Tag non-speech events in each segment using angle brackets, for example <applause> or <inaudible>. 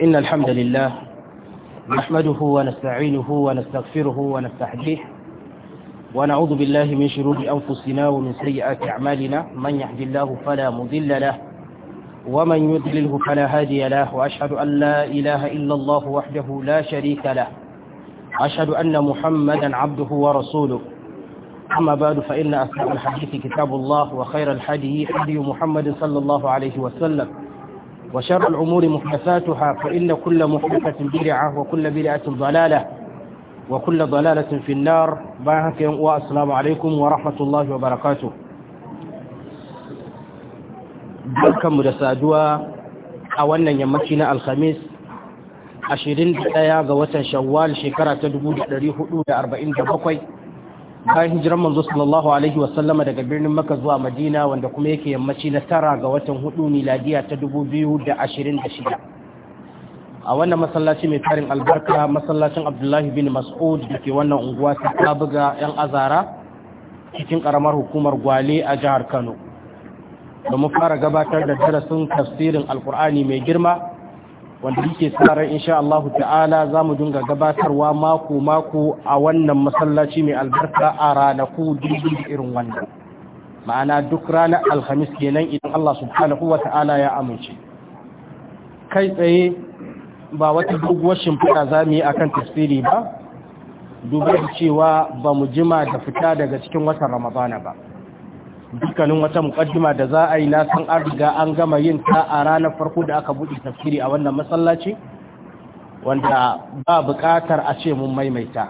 إن الحمد لله نحمده ونستعينه ونستغفره ونستحجيه ونعوذ بالله من شرور أنفسنا ومن سيئات أعمالنا من يهدي الله فلا مضل له ومن يذلله فلا هادي له وأشهد أن لا إله إلا الله وحده لا شريك له أشهد أن محمدا عبده ورسوله أما بعد فإن أسلام الحديث كتاب الله وخير الحديث حدي محمد صلى الله عليه وسلم وشر الأمور محدثاتها فإن كل محدثة بدعة وكل بدعة ضلالة وكل ضلالة في النار باهك والسلام عليكم ورحمة الله وبركاته barkan mu da saduwa a wannan yammaci na alhamis 21 ga watan shawwal shekara ta 1447 bayan hijiran manzo sallallahu alaihi sallama daga birnin Makka zuwa Madina wanda kuma yake yammaci na tara ga watan hudu miladiya ta 2026 a wannan masallaci mai tarin albarka masallacin Abdullahi bin Mas'ud da ke wannan unguwa ta buga yan azara cikin karamar hukumar Gwale a jihar Kano Da mu fara gabatar da darasin tafsirin Alkur'ani mai girma wanda yake tsarar insha Allah ta'ala za mu dinga gabatarwa mako-mako a wannan masallaci mai albarka a ranaku dubu irin wannan ma'ana duk ranar alhamis kenan idan Allah subhanahu wa ta'ala ya amince kai tsaye ba wata doguwar shimfida, za mu yi akan tasiri ba duba da cewa ba mu jima da fita daga cikin watan ramadana ba dukkanin wata mukaddima da za a yi na san an riga an gama yin ta a ranar farko da aka buɗe tafsiri a wannan masallaci wanda ba buƙatar a ce mun maimaita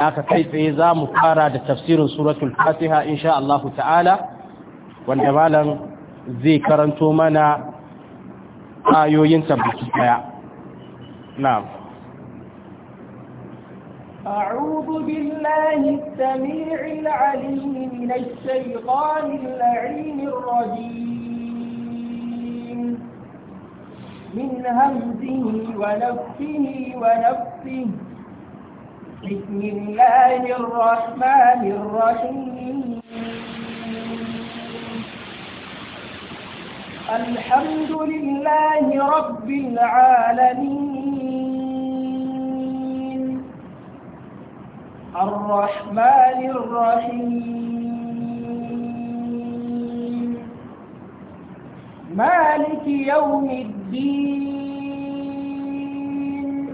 aka kai tsaye za mu fara da tafsirin suratul fatiha insha Allah ta'ala wanda malam zai karanto mana ayoyin tabbaci daya na'am أعوذ بالله السميع العليم من الشيطان اللعين الرجيم من همزه ونفسه ونفسه بسم الله الرحمن الرحيم الحمد لله رب العالمين الرحمن الرحيم مالك يوم الدين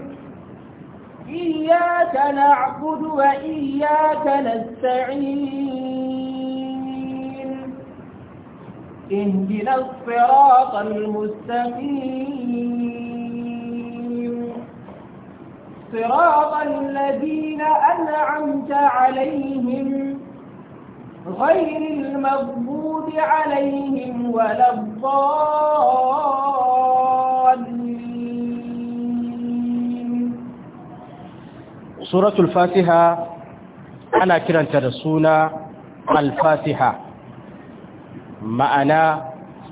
إياك نعبد وإياك نستعين اهدنا الصراط المستقيم صراط الذين أنعمت عليهم غير المغضوب عليهم ولا الضالين سورة الفاتحة أنا كرنت ترسونا الفاتحة ma'ana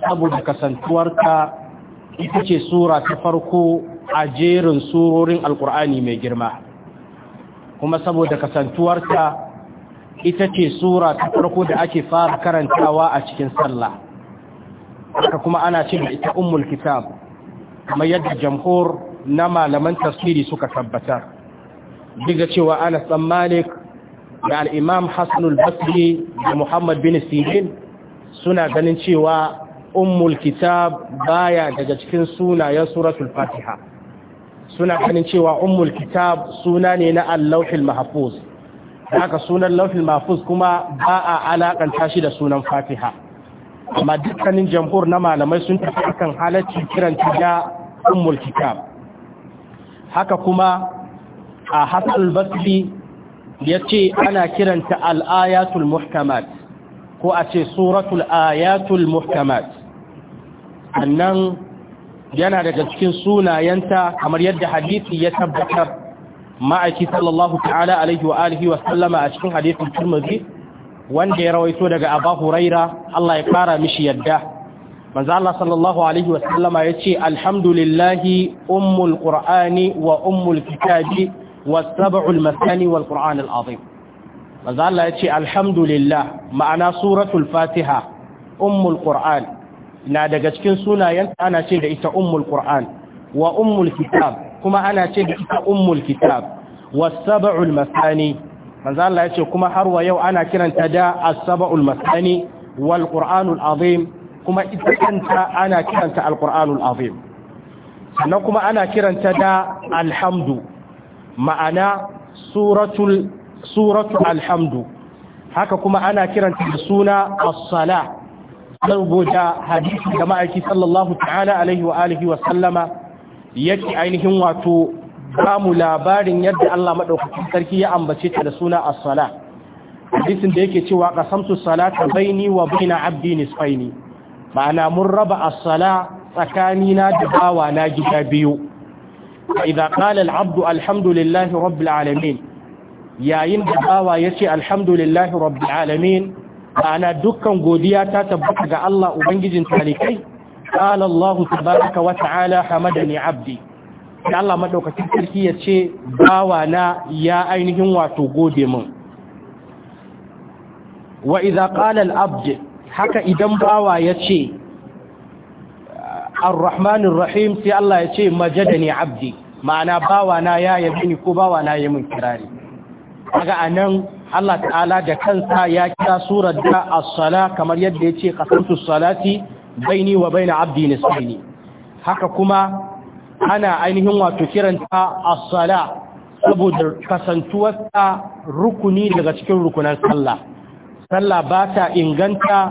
أبو kasantuwarka ita ce sura ta a jerin surorin alkur'ani mai girma kuma saboda kasantuwarta ita ce sura ta farko da ake fara karantawa a cikin sallah haka kuma ana ce da ita ummul kitab kamar yadda jamhur na malaman tafsiri suka tabbatar diga cewa ana malik da al'imam hassanul basri da muhammad bin sirin suna ganin cewa ummul kitab baya daga cikin sunayen suratul fatiha suna ganin cewa ummul kitab suna ne na allauhil mahfuz haka sunan lauhil mahfuz kuma ba a alakanta shi da sunan fatiha amma dukkanin jamhur na malamai sun tafi akan halacci ta da ummul kitab haka kuma a hasal basri ya ce ana kiranta al'ayatul muhkamat ko a ce suratul ayatul muhkamat annan yana daga cikin sunayenta kamar yadda hadisi ya tabbatar ma'aiki sallallahu ta'ala alaihi wa alihi wa sallama a cikin hadisin turmuzi wanda ya rawaito daga abu huraira Allah ya fara mishi yadda manzo Allah sallallahu alaihi wa sallama yace alhamdulillahi ummul qur'ani wa ummul kitabi was sab'ul masani wal qur'an al azim manzo Allah yace alhamdulillah ma'ana suratul fatiha ummul qur'an na daga cikin sunayen ana ce da ita ummul qur'an wa ummul kitab kuma ana ce da ita ummul kitab was-sab'ul masani manzo Allah ce kuma har wa yau ana kiranta da as-sab'ul masani wal qur'anul azim kuma ita kanta ana kiranta al-qur'anul azim sannan kuma ana kiranta da alhamdu ma'ana suratul suratul alhamdu haka kuma ana kiranta da suna as-salah saboda hadisi da ma'aiki sallallahu ta'ala alaihi wa alihi wa sallama yake ainihin wato bamu labarin yadda Allah madaukakin sarki ya ambace ta da suna as-sala hadisin da yake cewa qasamtu salata baini wa baina abdi nisfaini ma'ana mun raba as-sala tsakanina da bawa na gida biyu idza qala al-abdu alhamdulillahi rabbil alamin yayin da bawa yace alhamdulillahi rabbil alamin ma'ana dukkan godiya ta tabbata ga Allah ubangijin talikai qala Allah tabaraka wa ta'ala hamadani abdi Allah madaukakin sarki ce bawa na ya ainihin wato gode mun, wa idza qala al haka idan bawa ya ar-rahmanir rahim sai Allah ya yace majadani abdi ma'ana bawa na ya yabi ni ko bawa na ya mun kirari daga anan Allah ta'ala da kansa ya kira surar da as-sala kamar yadda yace qasamtu salati baini wa baina abdi nisfaini haka kuma ana ainihin wato kiranta as-sala saboda kasantuwar ta rukuni daga cikin rukunan sallah sallah ba ta inganta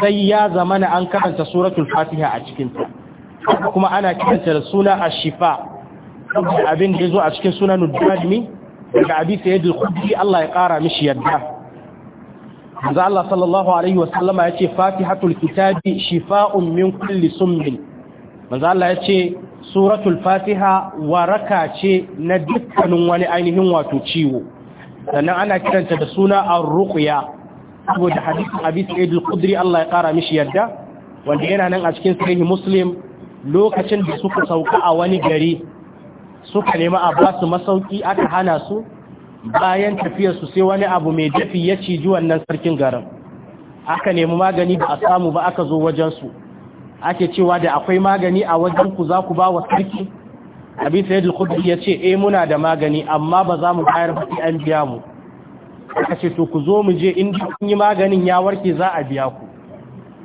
sai ya zamana an karanta suratul fatiha a cikinta kuma ana kiranta da suna ash-shifa saboda abin da yazo a cikin sunan ad daga abi sayyid Allah ya kara mishi yadda manzo Allah sallallahu alaihi wa sallama yace fatihatul kitabi shifa'un min kulli summin manzo Allah yace suratul fatiha waraka ce na dukkanin wani ainihin wato ciwo sannan ana kiranta da suna ar-ruqya saboda hadisin abi Allah ya kara mishi yadda wanda yana nan a cikin sahihi muslim lokacin da suka sauka a wani gari suka nema a ba su masauki aka hana su bayan tafiyarsu sai wani abu mai dafi ya ciji wannan sarkin garin aka nemi magani ba a samu ba aka zo wajensu ake cewa da akwai magani a wajen ku za ku ba wa sarki abi sai da kudi ya ce eh muna da magani amma ba za mu bayar ba an biya mu aka ce to ku zo mu je in kun yi maganin ya warke za a biya ku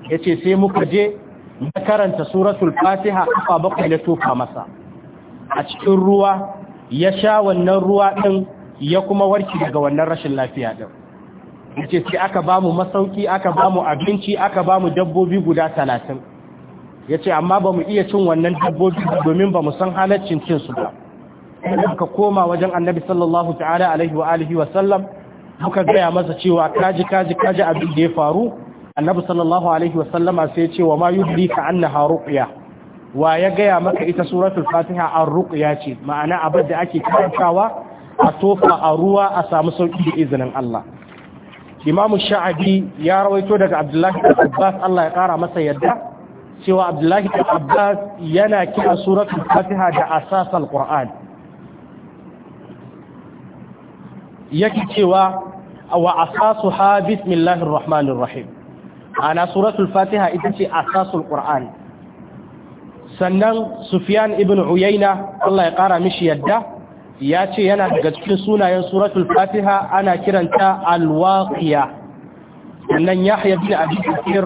yace sai muka je na karanta suratul fatiha kafa bakwai na tofa masa a cikin ruwa ya sha wannan ruwa ɗin ya kuma warki daga wannan rashin lafiya ɗin ce sai aka ba mu masauki aka ba mu abinci aka ba mu dabbobi guda talatin ya ce amma ba mu iya cin wannan dabbobi domin ba mu san halaccin su ba ka koma wajen annabi sallallahu ta'ala alaihi wa alihi wa sallam muka gaya masa cewa kaji kaji kaji abin da ya faru annabi sallallahu alaihi wa sallama sai ce wa ma yudrika annaha ruqya wa ya gaya maka ita suratul fatiha an ruqya ce ma'ana abin da ake karantawa a tofa a ruwa a samu sauki da izinin Allah Imam sha'abi ya rawaito daga abdullahi da abbas Allah ya kara masa yadda cewa abdullahi da abbas yana kira suratul fatiha da asasal qur'an yake cewa wa ha bismillahir rahmanir rahim ana suratul fatiha ita ce asasul qur'an sannan sufyan ibn uyaina Allah ya kara mishi yadda ya ce yana daga cikin sunayen suratul fatiha ana kiranta alwaqiya sannan yahya bin abi kathir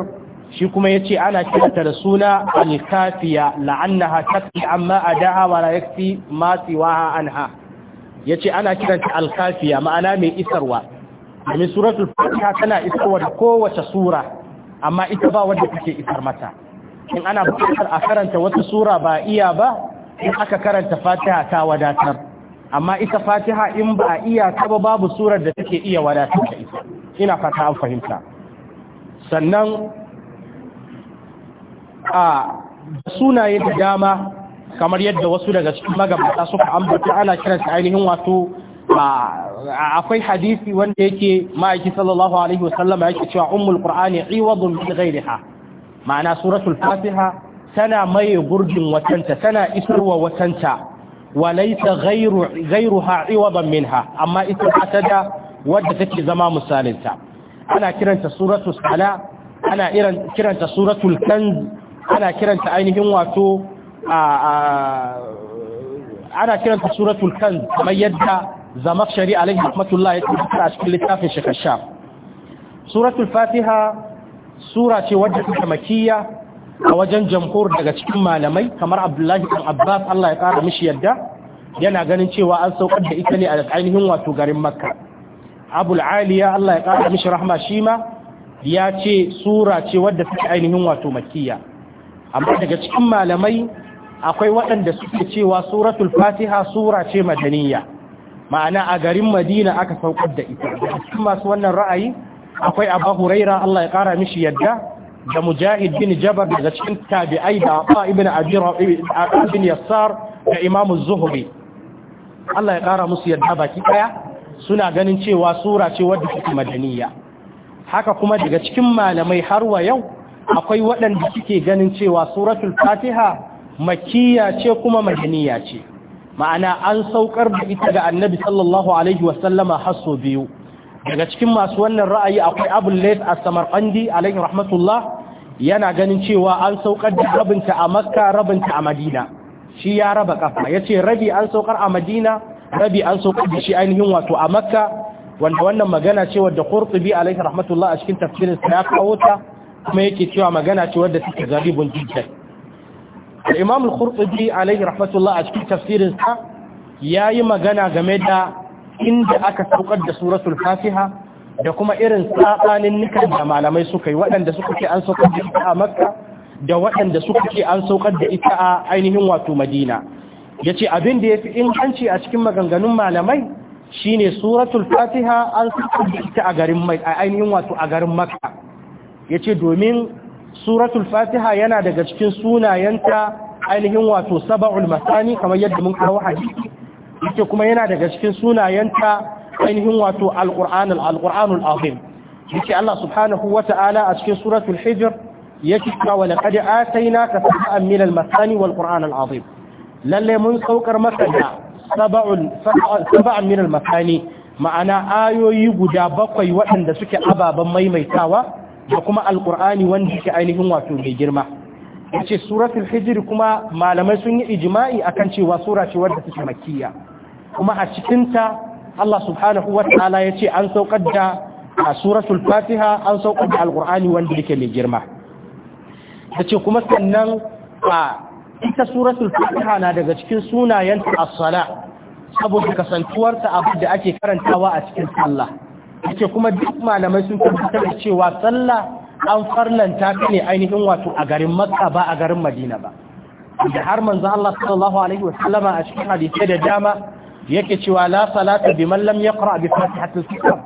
shi kuma yace ana kiranta da suna alkafiya la'annaha takfi amma adaha wa la yakfi ma siwaha anha yace ana kiranta alkafiya ma'ana mai isarwa domin suratul fatiha tana isarwa da kowace sura amma ita ba wanda take isar mata in ana bukatar a karanta wata sura ba iya ba in aka karanta fatiha ta wadatar amma ita fatiha in ba a iya ta ba babu surar da take iya wadatar da ita ina fata an fahimta sannan a sunaye da dama kamar yadda wasu daga cikin magabata suka ambata ana kiransa ainihin wato akwai hadisi wanda yake ma'aiki sallallahu alaihi wasallama yake cewa ummul qur'ani iwadun bi ghairiha ma'ana suratul fatiha tana maye gurgin watanta tana isarwa watanta walaita gairu ha'iwaban minha amma ita ta da wadda take zama misalinta ana kiranta suratul sala ana kiranta suratul kanz ana kiranta ainihin wato ana kiranta suratul kanz kamar yadda zamakshari alaihi rahmatullah ya tabbata a cikin littafin shakashaf suratul fatiha sura ce wadda ta makiyya a wajen jamhur daga cikin malamai kamar abdullahi ibn abbas Allah ya kara mishi yadda yana ganin cewa an saukar da ita ne a ainihin wato garin makka abul aliya Allah ya kara mishi rahma shi ma ya ce sura ce wadda ta ainihin wato makiyya amma daga cikin malamai akwai waɗanda suke cewa suratul fatiha sura ce madaniya ma'ana a garin madina aka saukar da ita cikin masu wannan ra'ayi akwai abu huraira Allah ya kara mishi yadda da mujahid bin jabar daga cikin tabi'ai da ba ibn abin yassar da az Zuhri. Allah ya kara musu yadda baki daya suna ganin cewa sura ce wadda take madaniya haka kuma daga cikin malamai har wa yau akwai waɗanda suke ganin cewa suratul fatiha makkiya ce kuma madaniya ce ma'ana an saukar da ita ga annabi sallallahu alaihi wasallama hasso biyu daga cikin masu wannan ra'ayi akwai abul lais as-samarqandi alayhi rahmatullah yana ganin cewa an saukar da rabinta a makka rabinta a madina shi ya raba kafa yace rabi an saukar a madina rabi an saukar da shi ainihin wato a makka wanda wannan magana ce wadda qurtubi alayhi rahmatullah a cikin tafsirin sa ya kawo ta kuma yake cewa magana ce wadda take zabibun jiddan al-imam al-qurtubi alayhi rahmatullah a cikin tafsirin sa yayi magana game da inda aka saukar da suratul fatiha da kuma irin tsatsanin nikan da malamai suka yi waɗanda suka ke an saukar da ita a makka da waɗanda suka ke an saukar da ita a ainihin wato madina ya ce abin da ya fi inganci a cikin maganganun malamai shine suratul fatiha an saukar da ita a garin mai a ainihin wato a garin makka ya ce domin suratul fatiha yana daga cikin sunayenta ainihin wato saba'ul masani kamar yadda mun kawo hadisi ita kuma yana daga cikin sunayenta ainihin wato alƙur'anul alƙur'anul azim yake Allah subhanahu wa ta'ala a cikin suratul hijr yake cewa wa laqad atainaka sab'an min al-masani wal qur'an al-azim lalle mun saukar maka da sab'un sab'an min al-masani ma'ana ayoyi guda bakwai waɗanda suke ababan maimaitawa da kuma alƙur'ani wanda yake ainihin wato mai girma yace suratul hijr kuma malamai sun yi ijma'i akan cewa sura ce wadda take makkiya kuma a cikinta Allah subhanahu wa ta'ala ya ce an saukar da a suratul fatiha an saukar da alkur'ani wanda yake mai girma ta ce kuma sannan a ita suratul fatiha na daga cikin sunayenta as-sala saboda kasantuwarta abu da ake karantawa a cikin sallah yake kuma duk malamai sun tabbatar da cewa sallah an farlanta ta ne ainihin wato a garin Makka ba a garin Madina ba da har manzo Allah sallallahu alaihi wa sallama a cikin hadisi da dama yake cewa la salata man lam yaqra bi fatihatil kitab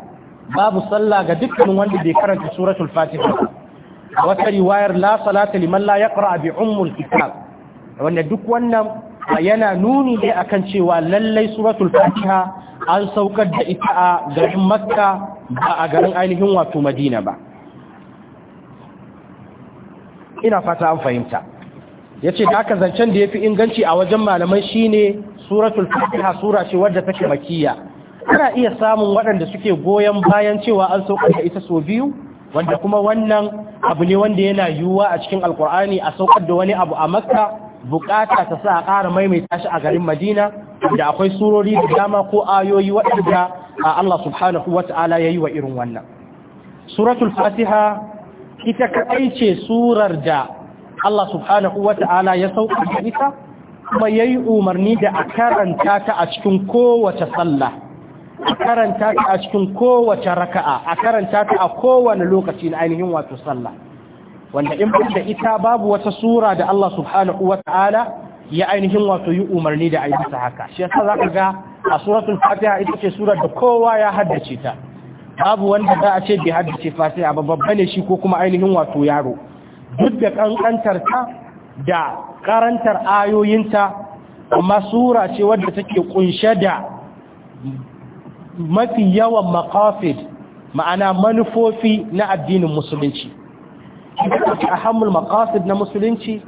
babu sallah ga dukkan wanda bai karanta suratul fatiha wata riwayar la salata liman la yaqra bi ummul kitab wanda duk wannan yana nuni ne akan cewa lallai suratul fatiha an saukar da ita a garin makka ba a garin ainihin wato madina ba ina fata an fahimta yace da aka zancen da yafi inganci a wajen malamai shine suratul fatiha sura ce wadda take makiyya ana iya samun waɗanda suke goyon bayan cewa an saukar ita so biyu wanda kuma wannan abu ne wanda yana yiwuwa a cikin alkur'ani a saukar da wani abu a makka bukata ta sa a ƙara maimaita shi a garin madina da akwai surori da dama ko ayoyi waɗanda Allah subhanahu wa ya yi wa irin wannan suratul fatiha ita kaɗai ce surar da Allah subhanahu wata'ala ya sauka da ita kuma ya yi umarni da a karanta ta a cikin kowace sallah a karanta ta a cikin kowace raka'a a karanta ta a kowane lokaci na ainihin wato sallah wanda in da ita babu wata sura da Allah subhanahu wa ta'ala ya ainihin wato yi umarni da ayyuka haka shi yasa zaka ga a suratul fatiha ita ce surar da kowa ya haddace ta babu wanda za a ce bai haddace fatiha ba babba ne shi ko kuma ainihin wato yaro duk da kankantar ta da karantar ayoyinta amma sura ce wadda take kunshe da mafi yawan maqasid ma'ana manufofi na addinin musulunci ahammul maqasid na musulunci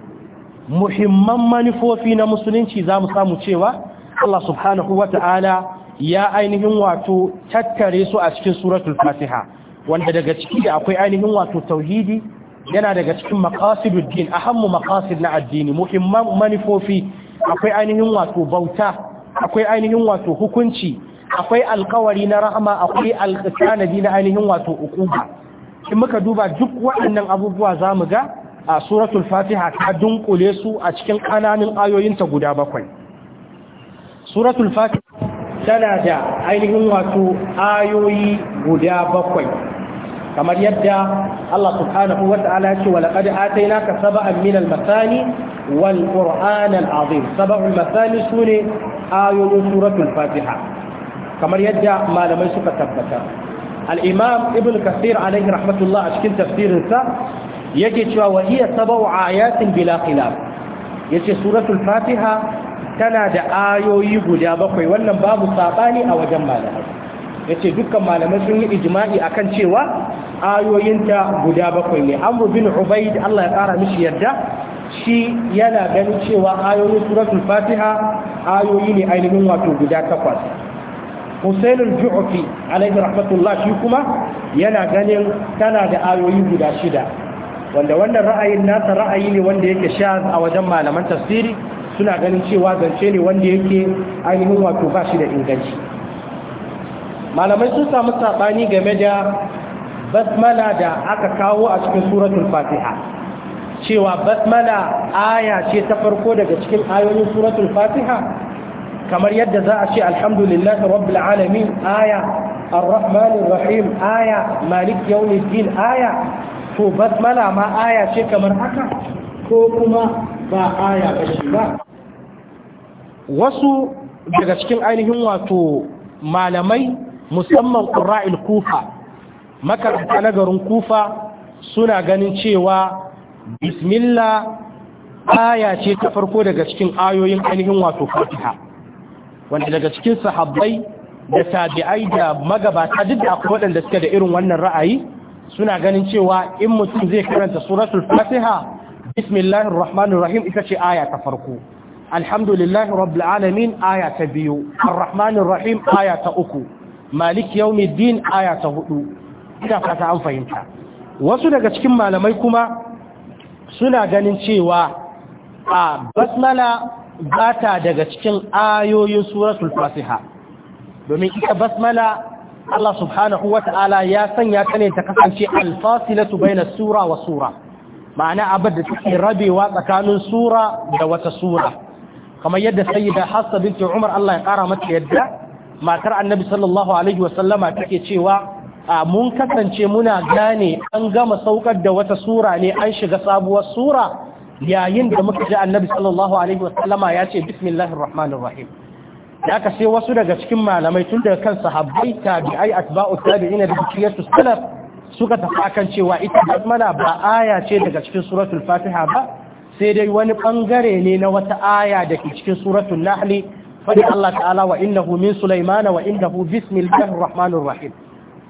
muhimman manufofi na musulunci za mu samu cewa Allah subhanahu wa ta'ala ya ainihin wato tattare su a cikin suratul fatiha wanda daga ciki da akwai ainihin wato tauhidi yana daga cikin a ahammu maqasid na addini muhimman manufofi akwai ainihin wato bauta akwai ainihin wato hukunci akwai alkawari na rahama akwai alƙisanadi na ainihin wato ukuba. in muka duba duk waɗannan abubuwa za mu ga a suratul fatiha ta dunkule su a cikin ƙananan ayoyinta guda bakwai suratul fatiha tana da ainihin wato ayoyi guda bakwai kamar yadda Allah subhanahu wa ta'ala ce wa laqad atainaka sab'an min al-masani wal qur'an al-azim sab'ul masani sune ayoyin suratul fatiha kamar yadda malamai suka tabbata al-imam ibn kathir alaihi rahmatullah a cikin tafsirinsa yake cewa wa hiya sab'u ayatin bila khilaf yace suratul fatiha tana da ayoyi guda bakwai wannan babu sabani a wajen malamai yace dukkan malamai sun yi ijma'i akan cewa ayoyinta guda bakwai ne amru bin ubaid Allah ya kara mishi yadda shi yana ganin cewa ayoyin suratul fatiha ayoyi ne ainihin wato guda takwas Hussein al-Ju'fi alaihi rahmatullah shi kuma yana ganin tana da ayoyi guda shida wanda wannan ra'ayin nasa ra'ayi ne wanda yake sha a wajen malaman tafsiri suna ganin cewa zance ne wanda yake ainihin wato ba shi da inganci malamai sun samu saɓani game da basmala da aka kawo a cikin suratul fatiha cewa basmala aya ce ta farko daga cikin ayoyin suratul fatiha kamar yadda za a ce alhamdulillahi rabbil alamin aya arrahmanir rahim aya malik yawmiddin aya to basmala ma aya ce kamar haka ko kuma ba aya ba shi ba wasu daga cikin ainihin wato malamai musamman ƙura'il kufa makaranta na garin kufa suna ganin cewa bismillah aya ce ta farko daga cikin ayoyin ainihin wato fatiha wanda daga cikin sahabbai da tabi'ai da magabata duk da akwai waɗanda suke da irin wannan ra'ayi suna ganin cewa in mutum zai karanta suratul fatiha bismillahir rahmanir rahim ita ce aya ta farko alhamdulillahi rabbil alamin aya ta biyu arrahmanir rahim aya ta uku malik yawmiddin aya ta hudu ina fata an fahimta wasu daga cikin malamai kuma suna ganin cewa a basmala zata daga cikin ayoyin suratul fasiha domin ita basmala Allah subhanahu wa ta'ala ya sanya ta ne ta kasance alfasilatu baina sura wa sura ma'ana abin da take rabewa tsakanin sura da wata sura kamar yadda sayyida hafsa binti umar Allah ya kara mata yadda matar annabi sallallahu alaihi wasallama take cewa mun kasance muna gane an gama saukar da wata sura ne an shiga sabuwar sura yayin da muka ji annabi sallallahu alaihi wasallama ya ce bismillahir rahmanir rahim da aka sai wasu daga cikin malamai tun daga kan sahabbai tabi'ai atba'u tabi'ina da bukiyatu salaf suka tafi akan cewa ita basmala ba aya ce daga cikin suratul fatiha ba sai dai wani bangare ne na wata aya da ke cikin suratul nahli fadi Allah ta'ala wa innahu min sulaimana wa innahu bismillahir rahmanir rahim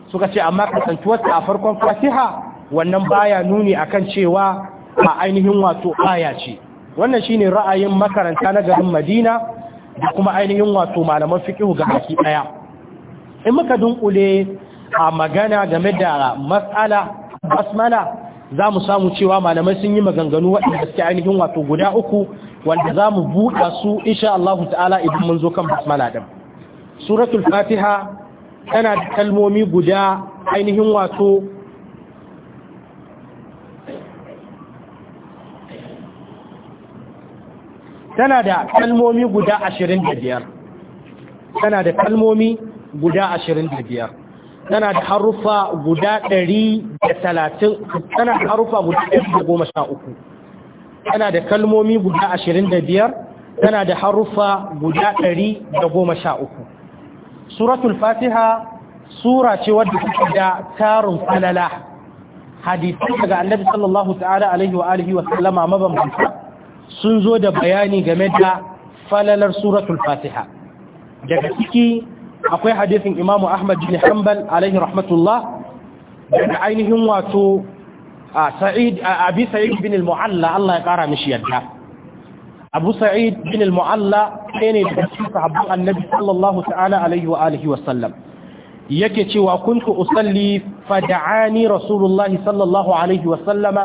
suka ce amma kasantuwar a farkon fatiha wannan baya nuni akan cewa a ainihin wato aya ce wannan shine ra'ayin makaranta na garin Madina da kuma ainihin wato malaman fiqh ga baki daya in muka dunkule a magana game da mas'ala basmala za mu samu cewa malamai sun yi maganganu waɗanda suke ainihin wato guda uku wanda za mu buɗa su insha Allah ta'ala idan mun zo kan basmala ɗin. Suratul Fatiha tana da kalmomi guda ainihin wato tana da kalmomi guda ashirin da biyar. Tana da kalmomi guda ashirin da biyar. tana da harufa guda ɗari da talatin tana da harufa guda ɗari da goma sha uku tana da kalmomi guda ashirin da biyar tana da harufa guda ɗari da goma sha uku suratul fatiha sura ce wadda take da tarin falala hadisi daga annabi sallallahu ta'ala alaihi wa alihi wa sallama mabambanta sun zo da bayani game da falalar suratul fatiha daga ciki akwai hadisin imamu ahmad bin hanbal alaihi rahmatullah daga ainihin wato sa'id abi sa'id bin al-mu'alla Allah ya kara mishi yadda abu sa'id bin al-mu'alla ɗaya ne sahabban annabi sallallahu ta'ala alaihi wa alihi wa sallam yake cewa kuntu usalli fada'ani rasulullahi sallallahu alaihi wa sallama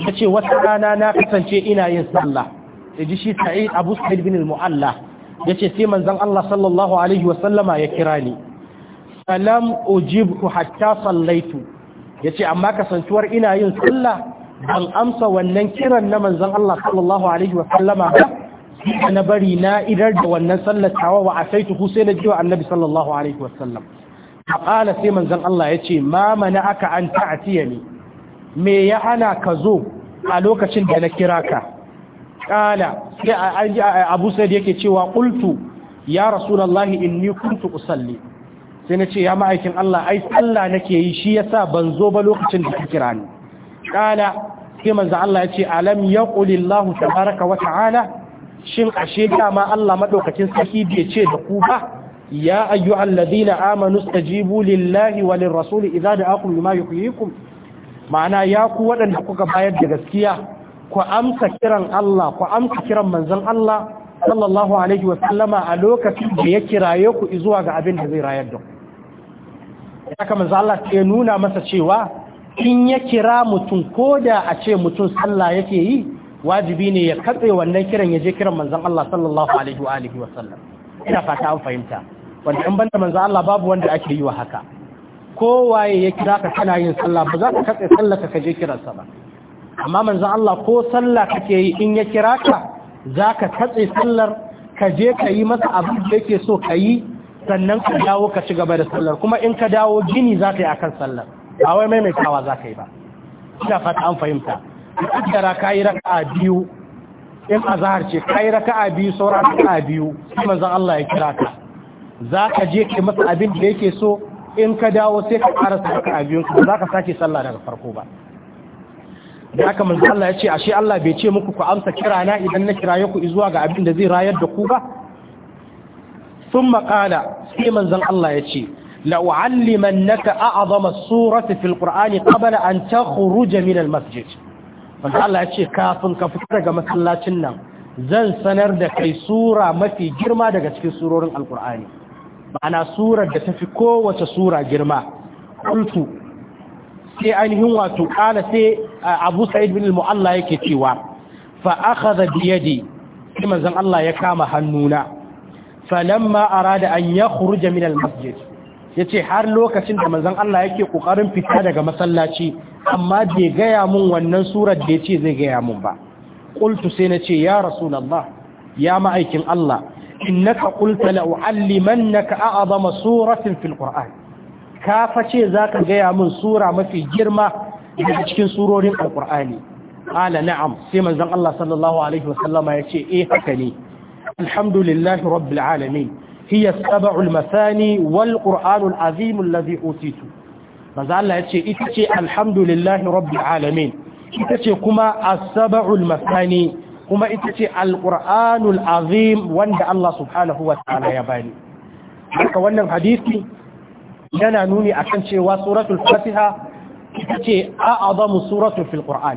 yace wata kana na kasance ina yin sallah yaji shi sa'id abu sa'id bin al-mu'alla yace sai manzan Allah sallallahu alaihi ya kira ni salam ujibtu hatta sallaitu yace amma kasantuwar ina yin sallah ban amsa wannan kiran na manzan Allah sallallahu alaihi na bari na idar da wannan sallatawa tawa wa asaitu ku sai na jiwa annabi sallallahu alaihi wa sai manzon Allah yace ma mana aka an ta'tiyani me ya hana ka zo a lokacin da na kira ka kala sai abu da yake cewa kultu ya rasulullahi inni kuntu usalli sai na ce ya ma'aikin Allah ai Allah nake yi shi yasa ban zo ba lokacin da ka kira ni kala sai manzo Allah ya ce alam yaqulillahu tabaraka wa ta'ala shin ashe ma Allah madaukakin sarki bai ce da ku ba ya ayyuhal ladina amanu stajibu lillahi wa rasuli idza da'akum lima yuhyikum ma'ana ya ku wadanda kuka bayar da gaskiya ku amsa kiran Allah ku amsa kiran manzon Allah sallallahu alaihi wa sallama a lokacin da ya kiraye ku zuwa ga abin da zai rayar da ku haka manzo Allah ke nuna masa cewa in ya kira mutum da a ce mutum sallah yake yi wajibi ne ya katse wannan kiran ya je kiran manzon Allah sallallahu alaihi wa alihi wa sallam ina fata an fahimta wanda in banda manzon Allah babu wanda ake yi wa haka kowaye ya kira ka kana yin sallah ba za ka katse sallah ka je kiransa ba amma manzon Allah ko sallah kake yi in ya kira ka za ka tatse sallar ka je ka yi masa abin da yake so ka yi sannan ka dawo ka ci gaba da sallar kuma in ka dawo gini za ka yi akan sallar ba wai maimaitawa za ka yi ba ina fata an fahimta kaddara ka yi raka'a biyu in azhar ce ka yi raka'a biyu saura raka'a biyu sai manzon Allah ya kira ka za ka je ka yi masa abin da yake so in ka dawo sai ka ƙara raka'a biyu ba za ka sake sallah daga farko ba da haka manzo Allah ya ce ashe Allah bai ce muku ku amsa kira na idan na kiraye ku zuwa ga abin da zai rayar da ku ba thumma qala sai manzo Allah ya ce la u'allimannaka a'zama surati fil qur'ani qabla an takhruja min al masjid manzo Allah ya ce kafin ka fita daga masallacin nan zan sanar da kai sura mafi girma daga cikin surorin al qur'ani ma'ana surar da tafi kowace sura girma qultu sai ainihin wato kala sai abu sa'id bin al-mu'alla yake cewa fa akhadha bi yadi sai manzon Allah ya kama hannuna falamma arada an yakhruja min al-masjid yace har lokacin da manzon Allah yake kokarin fita daga masallaci amma bai gaya mun wannan surar da yace zai gaya mun ba qultu sai nace ya rasulullah ya ma'aikin Allah innaka qulta la u'allimannaka a'zama suratin fil qur'an ka face za ka gaya min sura mafi girma daga cikin surorin alkur'ani ala na'am sai manzan Allah sallallahu alaihi wasallama ya ce eh haka ne alhamdulillahi rabbil alamin hiya sab'ul masani wal qur'anul azim alladhi utitu manzon Allah ya ce ita ce alhamdulillahi rabbil alamin ita ce kuma as-sab'ul masani kuma ita ce alqur'anul azim wanda Allah subhanahu wa ta'ala ya bani haka wannan hadisi yana nuni akan cewa suratul fatiha ce, ce a'azamu suratul fil qur'an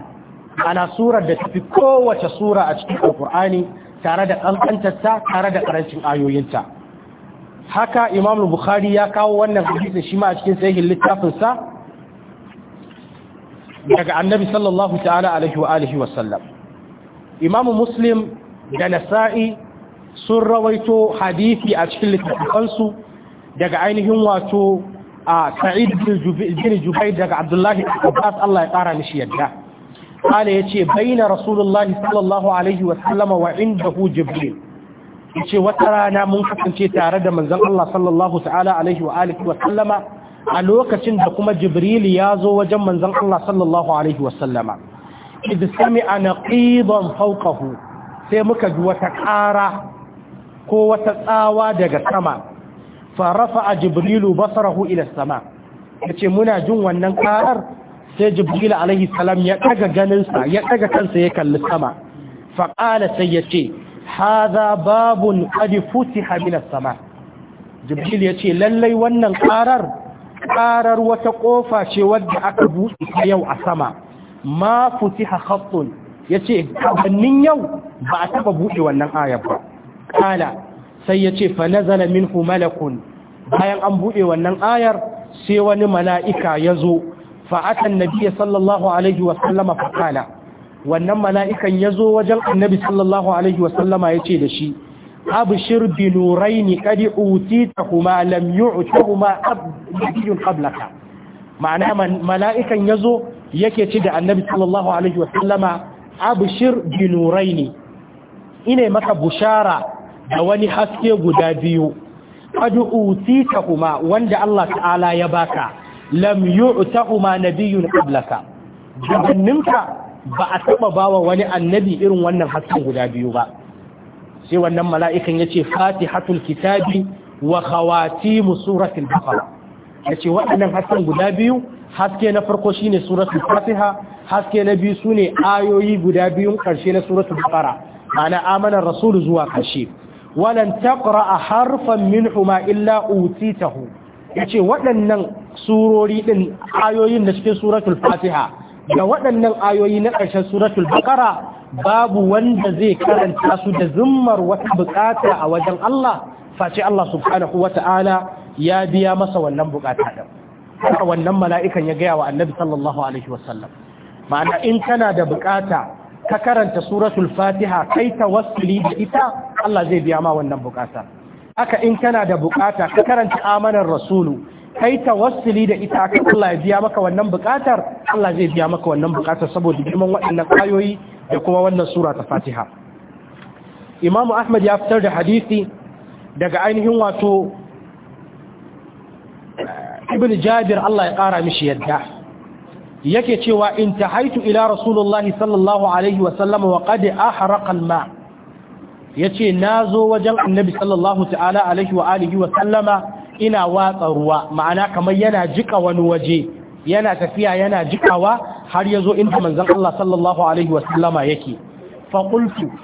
ana surar da tafi kowace sura a cikin Al-Ƙur'ani, tare da kankantarta tare da ƙarancin ayoyinta haka imam bukhari ya kawo wannan hadisin shi ma a cikin sahihin littafinsa daga annabi sallallahu ta'ala alaihi wa alihi wa sallam imam muslim da nasa'i sun rawaito hadisi a cikin littafansu daga ainihin wato a sa'id bin jubai daga abdullahi abbas Allah ya ƙara mishi yadda kala ya ce bayyana rasulullahi sallallahu alaihi wasallama wa inda hu jibril ya ce wata rana mun kasance tare da manzan Allah sallallahu alaihi wa alihi wasallama a lokacin da kuma jibril ya zo wajen manzan Allah sallallahu alaihi wasallama idan sami a naqidan fawqahu sai muka ji wata ƙara ko wata tsawa daga sama farafa a jibrilu basarahu ila sama ya ce muna jin wannan karar sai jibrilu alaihi salam ya ɗaga ganinsa ya ɗaga kansa ya kalli sama faƙala sai ya ce haza babun ƙadi fusi sama jibril ya ce lallai wannan ƙarar ƙarar wata ƙofa ce wadda aka buɗe ta yau a sama ma fusi haƙaƙun ya ce gabanin yau ba a taɓa buɗe wannan ayar ba ƙala sai ya ce fanazala minhu malakun bayan an buɗe wannan ayar sai wani mala'ika ya zo fa'atan nabiya sallallahu alaihi wasallama fakala wannan mala'ikan ya zo wajen annabi sallallahu alaihi wasallama ya ce da shi abshir bi nuraini kadi ta kuma lam yu'tahuma abdiyun qablaka ma'ana mala'ikan ya zo yake ci da annabi sallallahu alaihi wasallama abshir bi nuraini ine maka bushara da wani haske guda biyu qad utitahuma wanda Allah ta'ala ya baka lam yu'tahuma nabiyyun qablaka jibanninka ba a taba bawa wani annabi irin wannan hasken guda biyu ba sai wannan mala'ikan yace fatihatul kitabi wa khawatimu suratul baqara yace waɗannan hasken guda biyu haske na farko shine suratul fatiha haske na biyu sune ayoyi guda biyun karshe na suratul baqara ana amanar rasulu zuwa karshe walan a harfan minhuma illa utitahu yace waɗannan surori ɗin ayoyin na cikin suratul fatiha da waɗannan ayoyi na ƙarshen suratul bakara, babu wanda zai karanta su da zummar wata bukata a wajen Allah face Allah subhanahu ya biya masa wannan bukata din haka wannan mala'ikan ya gaya wa annabi sallallahu alaihi ma'ana in kana da bukata ka karanta suratul fatiha kai tawassuli da ita Allah zai biya ma wannan bukata haka in kana da bukata ka karanta amanar rasulu kai tawassuli da ita ka Allah ya biya maka wannan bukatar Allah zai biya maka wannan bukatar saboda girman waɗannan ayoyi da kuma wannan sura ta Fatiha Imam Ahmad ya fitar da hadisi daga ainihin wato Ibn Jabir Allah ya ƙara mishi yadda yake cewa in tahaitu ila rasulullahi sallallahu alaihi wa sallam wa qad ahraqa al-ma' yace zo wajen annabi sallallahu ta'ala alaihi wa alihi wa sallama ina watsa ruwa ma'ana kamar yana jika wani waje yana tafiya yana jikawa har yazo inda manzan Allah sallallahu alaihi wa sallama yake fa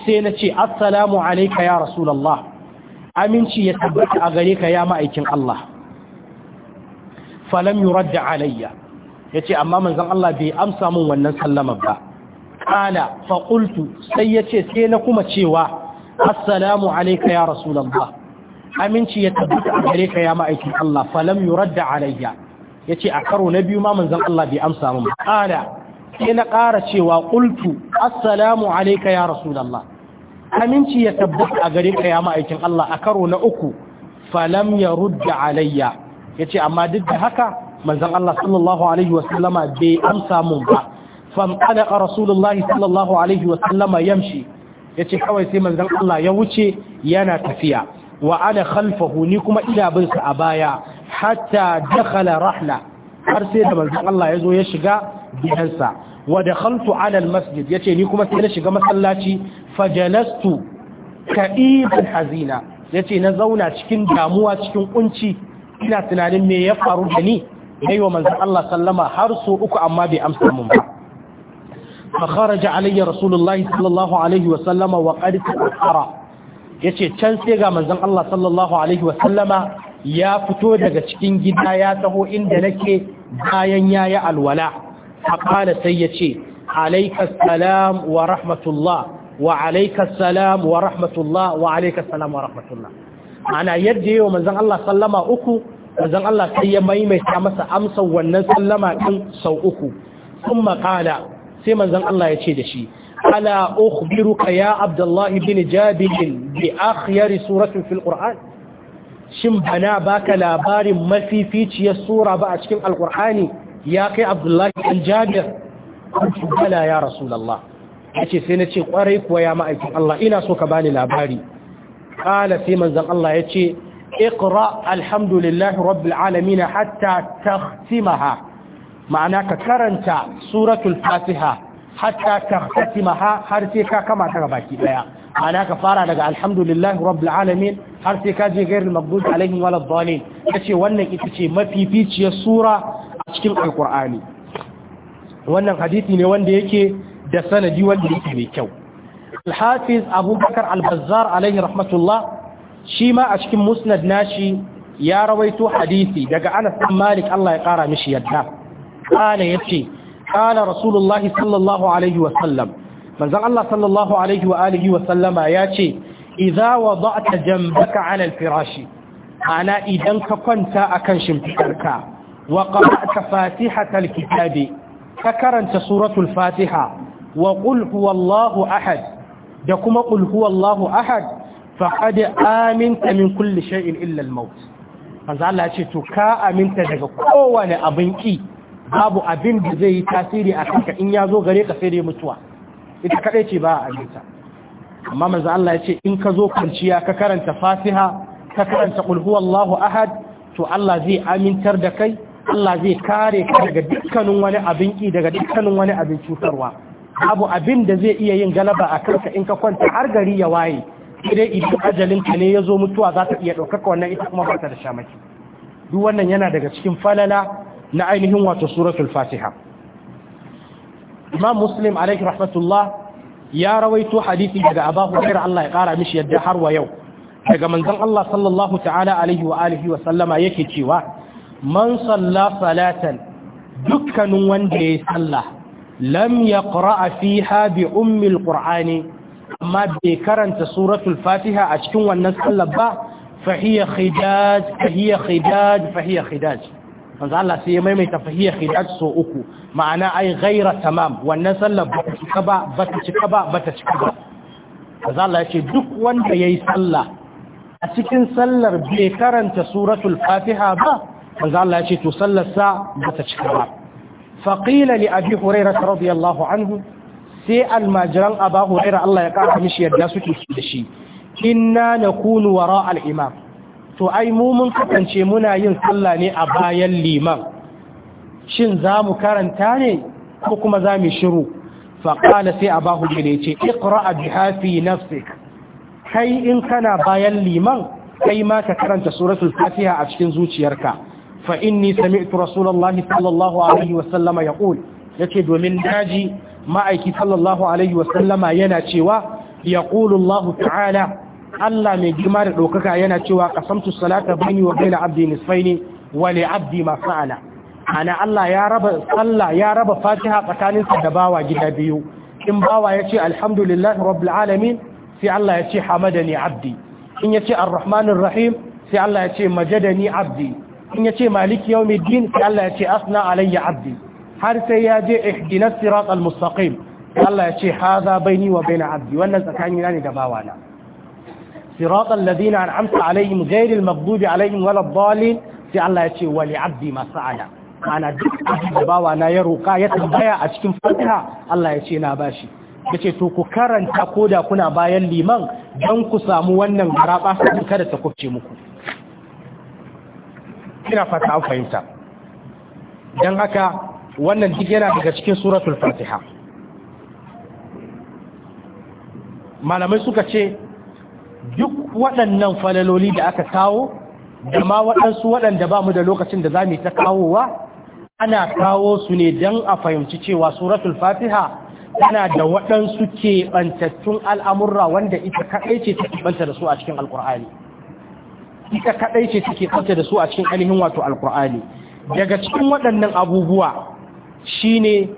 sai na ce assalamu alaika ya rasulallah. aminci ya tabbata a gare ka ya ma'aikin Allah falam yuradda alayya yace amma manzon Allah bai amsa min wannan sallama ba kala faqultu sai yace sai na kuma cewa assalamu alayka ya rasulullah aminci ya tabbata a gare ka ya ma'aikin Allah fa falam yuradda alayya yace a karo na biyu ma manzon Allah bai amsa min Kana sai na ƙara cewa qultu assalamu alayka ya rasulullah aminci ya tabbata a gare ka ya ma'aikin Allah a karo na uku falam yarudda alayya yace amma duk da haka manzon Allah sallallahu alaihi wasallama bai amsa mun ba fa qala rasulullahi sallallahu alaihi wa sallama yamshi yace kawai sai manzan Allah ya wuce yana tafiya wa ana khalfahu ni kuma ina bin sa a baya hatta dakhala rahla har sai da manzon Allah ya zo ya shiga sa wa dakhaltu ala masjid yace ni kuma sai na shiga masallaci fajalastu ka'iban hazina yace na zauna cikin damuwa cikin kunci ina tunanin me ya faru da ni yayi wa manzon Allah sallama har so uku amma bai amsa mun ba فخرج Alayya رسول sallallahu alaihi wa sallama وسلم وقد تأخر yace can sai ga manzon Allah sallallahu alaihi wa sallama ya fito daga cikin gida ya taho inda nake bayan yayi alwala faqala sai yace alayka assalam wa rahmatullah wa alayka assalam wa rahmatullah wa alayka assalam wa rahmatullah ana yadda yau manzon Allah sallama uku manzon Allah sai ya maimaita masa amsa wannan sallama din sau uku kuma qala sai manzan Allah ya ce da shi ala ukhbiruka ya abdullahi bin jabirin bi akhyar suratin fil qur'an shin bana baka labarin mafificiyar sura ba a cikin alqur'ani ya kai abdullahi bin jabir bala ya rasulullah yace sai na ce kwarai kuwa ya ma'aikin Allah ina so ka bani labari kala sai manzon Allah yace اقرأ الحمد لله رب العالمين حتى تختمها ma'ana ka karanta suratul fatiha hatta ta khatimaha har sai ka kama ta baki daya ma'ana ka fara daga alhamdulillah rabbil alamin har sai ka je gairul maghdubi alaihim waladdallin kace wannan ita ce mafificiyar sura a cikin alqur'ani wannan hadisi ne wanda yake da sanadi wanda yake mai kyau al abubakar al-bazzar alaihi rahmatullah shi ma a cikin musnad nashi ya rawaito hadisi daga anas bin malik Allah ya kara mishi yadda قال yace قال رسول الله صلى الله عليه manzon Allah sallallahu alaihi wa alihi wa sallama yace idza wada'ta janbaka 'ala al-firashi ana idan ka kwanta akan shimfidarka wa qara'ta fatihata al ka karanta suratul fatiha wa qul huwallahu ahad da kuma qul huwallahu ahad faqad aminta min kulli shay'in illa al-maut manzon Allah yace to ka aminta daga kowane abin ki babu abin da zai yi tasiri a kanka in ya zo gare ka sai dai mutuwa ita kaɗai ce ba a aminta amma manzo Allah ya ce in ka zo kwanciya ka karanta fasiha, ka karanta qul huwallahu ahad to Allah zai amintar da kai Allah zai kare ka daga dukkanin wani abin ki daga dukkanin wani abin cutarwa Babu abin da zai iya yin galaba a kanka in ka kwanta har gari ya waye sai idan ajalin ka ne ya zo mutuwa za ta iya ɗaukaka wannan ita kuma ba ta da shamaki duk wannan yana daga cikin falala na ainihin wato suratul fatiha imam muslim alaihi rahmatullah ya rawaito hadisi daga abu hurairah Allah ya kara mishi yadda har wa yau daga manzon Allah sallallahu ta'ala alaihi wa alihi wa sallama yake cewa man salla salatan dukkanin wanda ya salla lam ya yaqra fiha bi ummil alqur'ani amma bai karanta suratul fatiha a cikin wannan sallar ba fa hiya khidaj khidaj khidaj manzo Allah sai ya maimaita fahiya khidaj so uku ma'ana ai ghaira tamam wannan sallar ba ta cika ba ba ta cika ba ba ta cika ba manzo Allah duk wanda yayi sallah a cikin sallar bai karanta suratul fatiha ba manzo Allah yace to sallar sa ba ta cika ba faqila li abi hurairah radiyallahu anhu sai almajiran abu hurairah Allah ya kara mishi yadda suke da shi inna nakunu wara al-imam to ai mu mun kasance muna yin sallah ne a bayan liman shin za mu karanta ne ko kuma za mu shiru faƙala sai a bahu gine ce iqra'a biha kai in kana bayan liman kai ma ka karanta suratul fatiha a cikin zuciyarka fa inni sami'tu rasulullahi sallallahu alaihi wa sallama yaqul yace domin daji ma'aiki sallallahu alaihi wa sallama yana cewa yaqulu Allah ta'ala Allah mai girma da ɗaukaka yana cewa qasamtu salata baini wa baina abdi nisfaini wa li abdi ma sa'ala ana Allah ya raba Allah ya raba Fatiha tsakanin sa da bawa gida biyu in bawa yace alhamdulillah rabbil alamin sai Allah yace hamadani abdi in yace arrahmanir rahim sai Allah yace majadani abdi in yace maliki yawmiddin sai Allah yace asna alayya abdi har sai ya je ihdinas siratal mustaqim sai Allah yace hadha baini wa baina abdi wannan tsakanina ne da bawa na. صراط الذين أنعمت عليهم غير المغضوب عليهم ولا الضالين sai Allah ya ce wali abdi masu ana ana duk abin na ya roƙa ya tambaya a cikin fatiha Allah ya ce na bashi yace to ku karanta ko da kuna bayan liman don ku samu wannan garaba sai kada ta kufce muku ina fata fahimta dan haka wannan duk yana daga cikin suratun fatiha malamai suka ce duk waɗannan falaloli da aka kawo da ma waɗansu waɗanda ba mu da lokacin da za mu ta kawowa ana kawo su ne don a fahimci cewa suratul fatiha tana da waɗansu keɓantattun al'amurra wanda ita kaɗai ce take ɓanta da su a cikin alƙur'ani ita kaɗai ce take ɓanta da su a cikin ainihin wato alƙur'ani daga cikin waɗannan abubuwa shine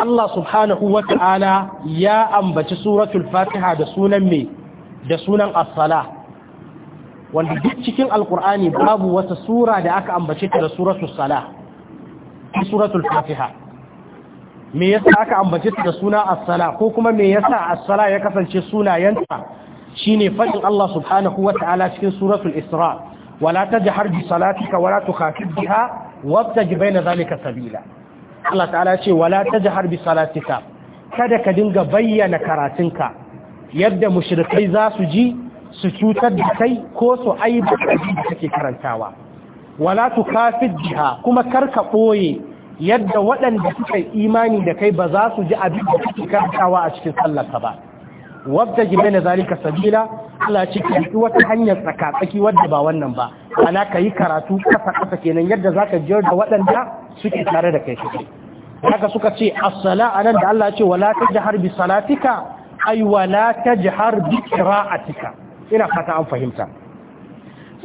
Allah subhanahu wa ta'ala ya ambaci suratul fatiha da sunan mai da sunan asala, wanda duk cikin alkur'ani babu wata sura da aka ambace ta da suratul sala suratul fatiha me yasa aka ambace ta da suna asala? sala ko kuma me yasa asala ya kasance sunayenta shine fadin Allah subhanahu wata'ala cikin suratul isra wala tajhar bi salatika wala tukhafid biha wabtaj baina zalika sabila Allah ta'ala ce wala tajhar bi salatika kada ka dinga bayyana karatunka yadda mushrikai za su ji su cutar da kai ko su aibu da kake karantawa wala tukafid jiha kuma karka ɓoye yadda waɗanda suka imani da kai ba za su ji abin da suke karantawa a cikin sallarka ba wadda Zali zalika sabila Allah ce ka yi wata hanyar tsakatsaki wadda ba wannan ba ana ka yi karatu kasa kasa kenan yadda za ka jiyar da waɗanda suke tare da kai shi haka suka ce assala anan da Allah ce wala tajhar bi salatika ai wala tajhar a tika ina fata an fahimta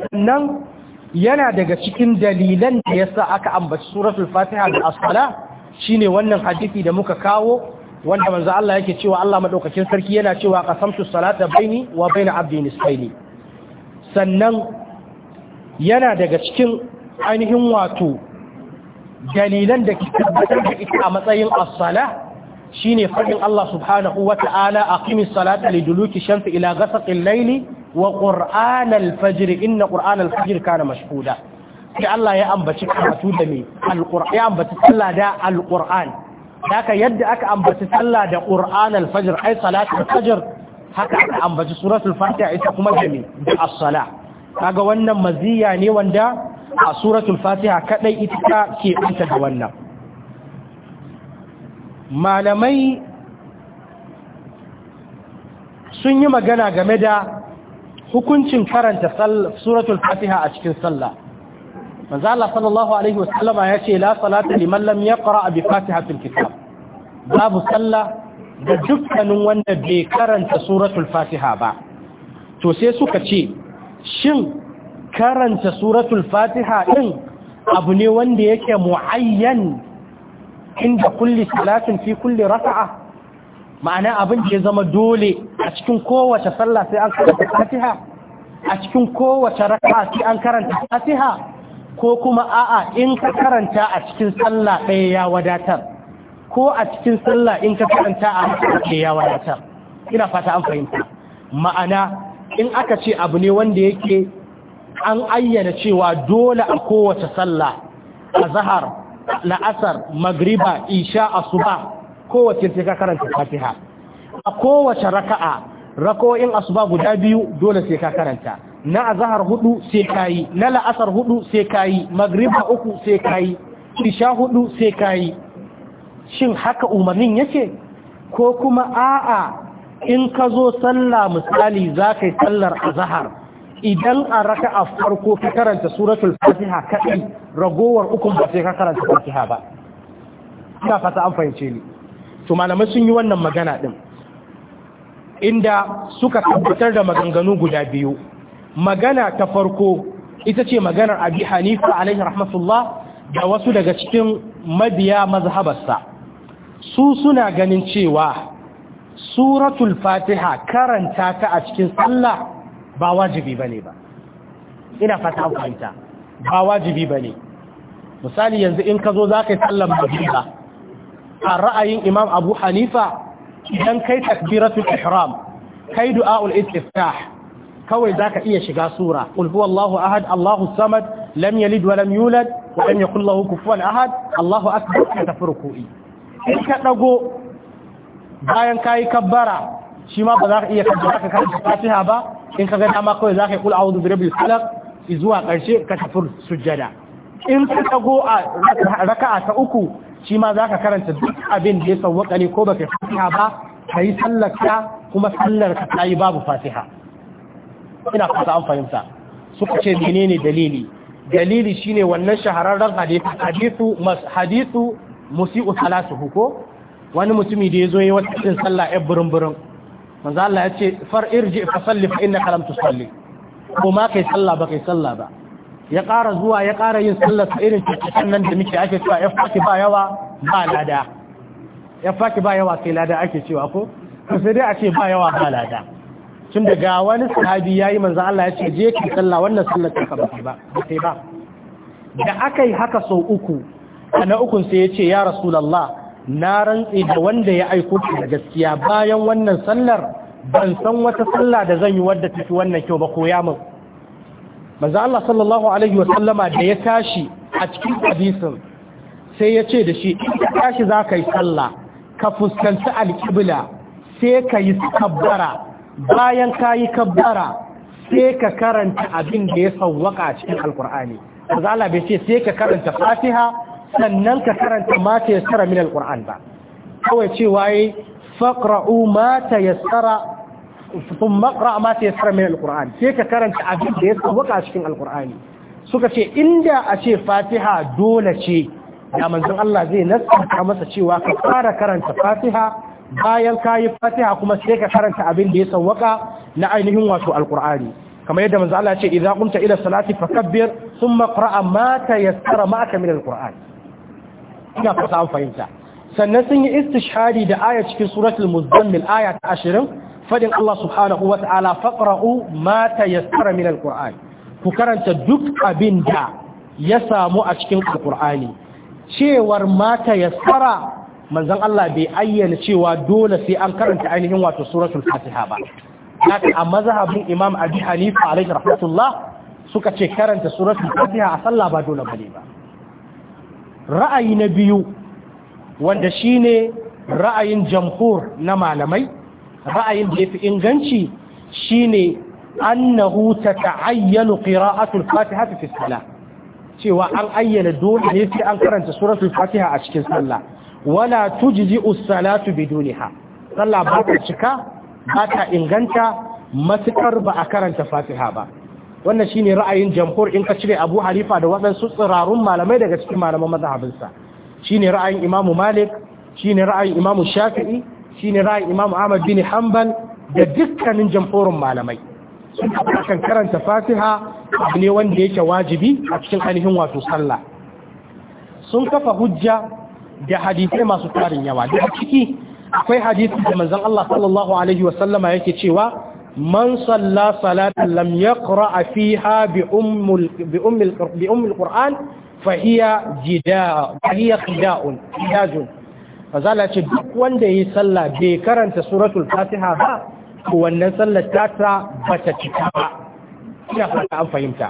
sannan yana daga cikin dalilan da ya sa aka ambaci suratul fatiha da Asala. Shi ne wannan hadisi da muka kawo wanda manzo Allah yake cewa Allah madaukakin sarki yana cewa qasamtu salata baini wa baina abdi ne.' sannan yana daga cikin ainihin wato dalilan da ke tabbatar da ita a matsayin asala. Shi shine fadin Allah subhanahu wa ta'ala aqimis salata duluki shamsi ila gasa layli wa qur'anal fajr inna qur'anal fajr kana mashhuda sai Allah ya ambaci karatu da me ya ambaci sallah da alqur'an haka yadda aka ambaci sallah da qur'anal fajr ai salatul fajr haka aka ambaci suratul fatiha ita kuma da me da as-sala kaga wannan maziya ne wanda a suratul fatiha kadai ita ke anta da wannan malamai sun yi magana game da hukuncin karanta suratul fatiha a cikin sallah manzo Allah sallallahu alaihi wasallama yace la salata liman lam yaqra bi fatihatil kitab babu sallah da dukkanin wanda bai karanta suratul fatiha ba to sai suka ce shin karanta suratul fatiha din abu ne wanda yake muayyan inda kulli salatin fi kulli raka'a ma'ana abin ke zama dole a cikin kowace sallah sai an karanta fatiha a cikin kowace sai an karanta fatiha ko kuma a'a in ka karanta a cikin sallah ɗaya ya wadatar ko a cikin sallah in ka karanta a ɗaya ya wadatar ina fata an fahimta ma'ana in aka ce abu ne wanda yake an ayyana cewa dole a kowace sallah a zahar la'asar magriba isha asuba kowace sai ka karanta fatiha a kowace raka'a rako'in asuba guda biyu dole sai ka karanta na azahar hudu sai kai na la'asar hudu sai kai magriba uku sai kayi isha hudu sai kai shin haka umarnin yake ko kuma a'a in ka zo sallah misali za sallar azahar idan a raka a farko ka karanta suratul fatiha kaɗai ragowar uku ba sai ka karanta fatiha ba ina fata an fahimce ni to malamai sun yi wannan magana ɗin inda suka tabbatar da maganganu guda biyu magana ta farko ita ce maganar abi hanifa alaihi rahmatullah da wasu daga cikin mabiya mazhabarsa su suna ganin cewa suratul fatiha karanta ta a cikin sallah ba wajibi bane ba ina fata an ba wajibi bane misali yanzu in ka zo za ka yi sallan magriba a ra'ayin imam abu hanifa idan kai takbiratul ihram kai du'a'ul istiftah kawai za ka iya shiga sura qul huwallahu ahad allahu samad lam yalid wa lam yulad wa lam yakul lahu kufuwan ahad allahu akbar ka tafi in ka dago bayan kayi kabbara shi ma ba za ka iya karanta ka karanta fatiha ba in ka ga dama kawai za ka yi kul a'udhu bi rabbil falaq zuwa karshe ka tafi sujjada in ka tago a raka'a ta uku shi ma za ka karanta duk abin da ya sauwaka ne ko baka yi fatiha ba ka yi ta kuma sallar ka ta yi babu fatiha ina fata an fahimta suka ce menene dalili dalili shine wannan shahararren hadithu hadithu musi'u Salatu, ko wani mutumi da ya zo yi wata sallah ɗan burin-burin manzo Allah ya ce far irji fa salli fa innaka lam tusalli ko ma kai sallah ba kai sallah ba ya ƙara zuwa ya ƙara yin sallar sa irin cikin nan da muke ake cewa ya faki ba yawa ba lada ya faki ba yawa sai lada ake cewa ko to sai dai a ce ba yawa ba lada tun ga wani sahabi yayi manzo Allah ya ce je ki sallah wannan sallar ta ba ba sai ba da akai haka sau uku ana ukun sai ya ce ya rasulullah na rantsi da wanda ya aiko shi da gaskiya bayan wannan sallar ban san wata sallah da zan yi wadda tafi wannan kyau ba koya min manzo Allah sallallahu alaihi wa sallama da ya tashi a cikin hadisin sai ya ce da shi in ka tashi za ka yi sallah ka fuskanci alƙibla sai ka yi kabbara bayan ka yi kabbara sai ka karanta abin da ya sauwaka a cikin alkur'ani manzo Allah bai ce sai ka karanta fatiha sannan ka karanta mata yassara min alquran ba kawai cewa yi faqra'u mata yassara sun qra mata yassara min alquran sai ka karanta abin da ya sauka cikin alqurani suka ce inda a ce fatiha dole ce da manzon Allah zai nasarta masa cewa ka fara karanta fatiha bayan ka yi fatiha kuma sai ka karanta abin da ya sauwaka na ainihin wato alurani kamar yadda manzon Allah ce idan kumta ila salati fakabbir thumma qra ma tayassara ma'aka min alqur'an ina fata an fahimta sannan sun yi istishhadi da aya cikin suratul muzammil aya ta 20 fadin Allah subhanahu wa ta'ala faqra'u ma tayassara min alquran ku karanta duk abin da ya samu a cikin alqur'ani cewar ma tayassara manzon Allah bai ayyana cewa dole sai an karanta ainihin wato suratul fatiha ba haka a mazhabin imam abi hanifa alaihi rahmatullah suka ce karanta suratul fatiha a sallah ba dole bane ba ra'ayi na biyu wanda shi ne ra'ayin jamhur na malamai ra'ayin da ya fi inganci shi shine annahu ta'ayyanu qira'atul fatiha fi salah cewa an ayyana dole ne sai an karanta suratul fatiha a cikin sallah wala tujzi'u as-salatu bidunha sallah ba ta cika ba ta inganta matukar ba a karanta fatiha ba wannan shine ra'ayin jamhur in ka cire Abu Halifa da waɗansu tsirarun malamai daga cikin malaman mazhabinsa shine ra'ayin Imam Malik shine ra'ayin Imam Shafi'i shine ra'ayin Imam Ahmad bin Hanbal da dukkanin jamhurin malamai sun kan karanta Fatiha ne wanda yake wajibi a cikin ainihin wato sallah sun kafa hujja da hadisai masu tarin yawa da ciki akwai hadisi da manzon Allah sallallahu alaihi wasallama yake cewa man salla salatan lam yaqra fiha bi ummul bi ummil bi ummil qur'an ce duk wanda ya yi sallah bai karanta suratul fatiha ba to wannan sallar ta ta bata cika ba ina fata an fahimta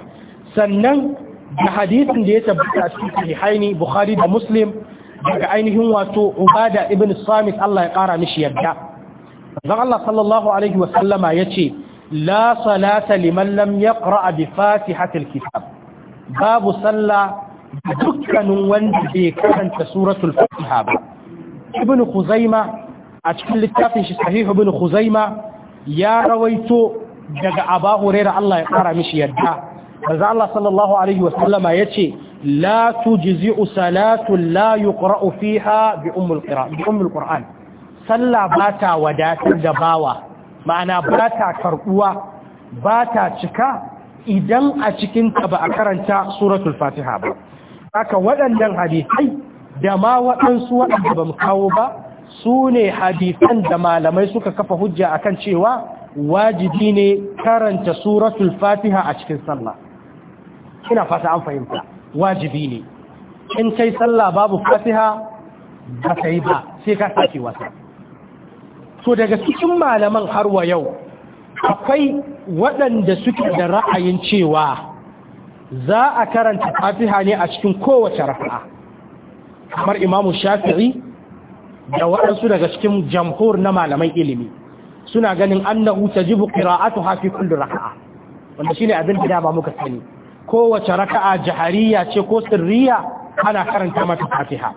sannan da hadisin da ya tabbata a bukhari da muslim daga ainihin wato ubada ibn samit Allah ya kara mishi yadda zan Allah sallallahu alaihi wasallama ya ce la salata liman lam yaqra bi fatihatil kitab babu sallah dukkanin wanda bai karanta suratul fatiha ba ibn khuzaima a cikin littafin shi sahihu ibn khuzaima ya rawaito daga aba hurairah Allah ya kara mishi yadda manzo Allah sallallahu alaihi wasallama yace la tujzi'u salatu la yuqra'u fiha bi bi ummul qur'an sallah ba ta wadatar da bawa ma'ana ba ta karbuwa ba ta cika idan a cikinta ba a karanta suratul fatiha ba haka waɗannan hadisai da ma waɗansu waɗanda ba mu kawo ba su ne hadisan da malamai suka kafa hujja akan cewa wajibi ne karanta suratul fatiha a cikin sallah ina fata an fahimta wajibi ne in kai sallah babu fatiha ba ka yi ba sai ka sake wasa to daga cikin malaman har wa yau akwai waɗanda suke da ra'ayin cewa za a karanta fatiha ne a cikin kowace rafa'a kamar imamu shafi'i da waɗansu daga cikin jamhur na malaman ilimi suna ganin annahu tajibu qira'atu hafi kulli raka'a wanda shine abin da ba muka sani kowace raka'a jahariya ce ko sirriya ana karanta mata fatiha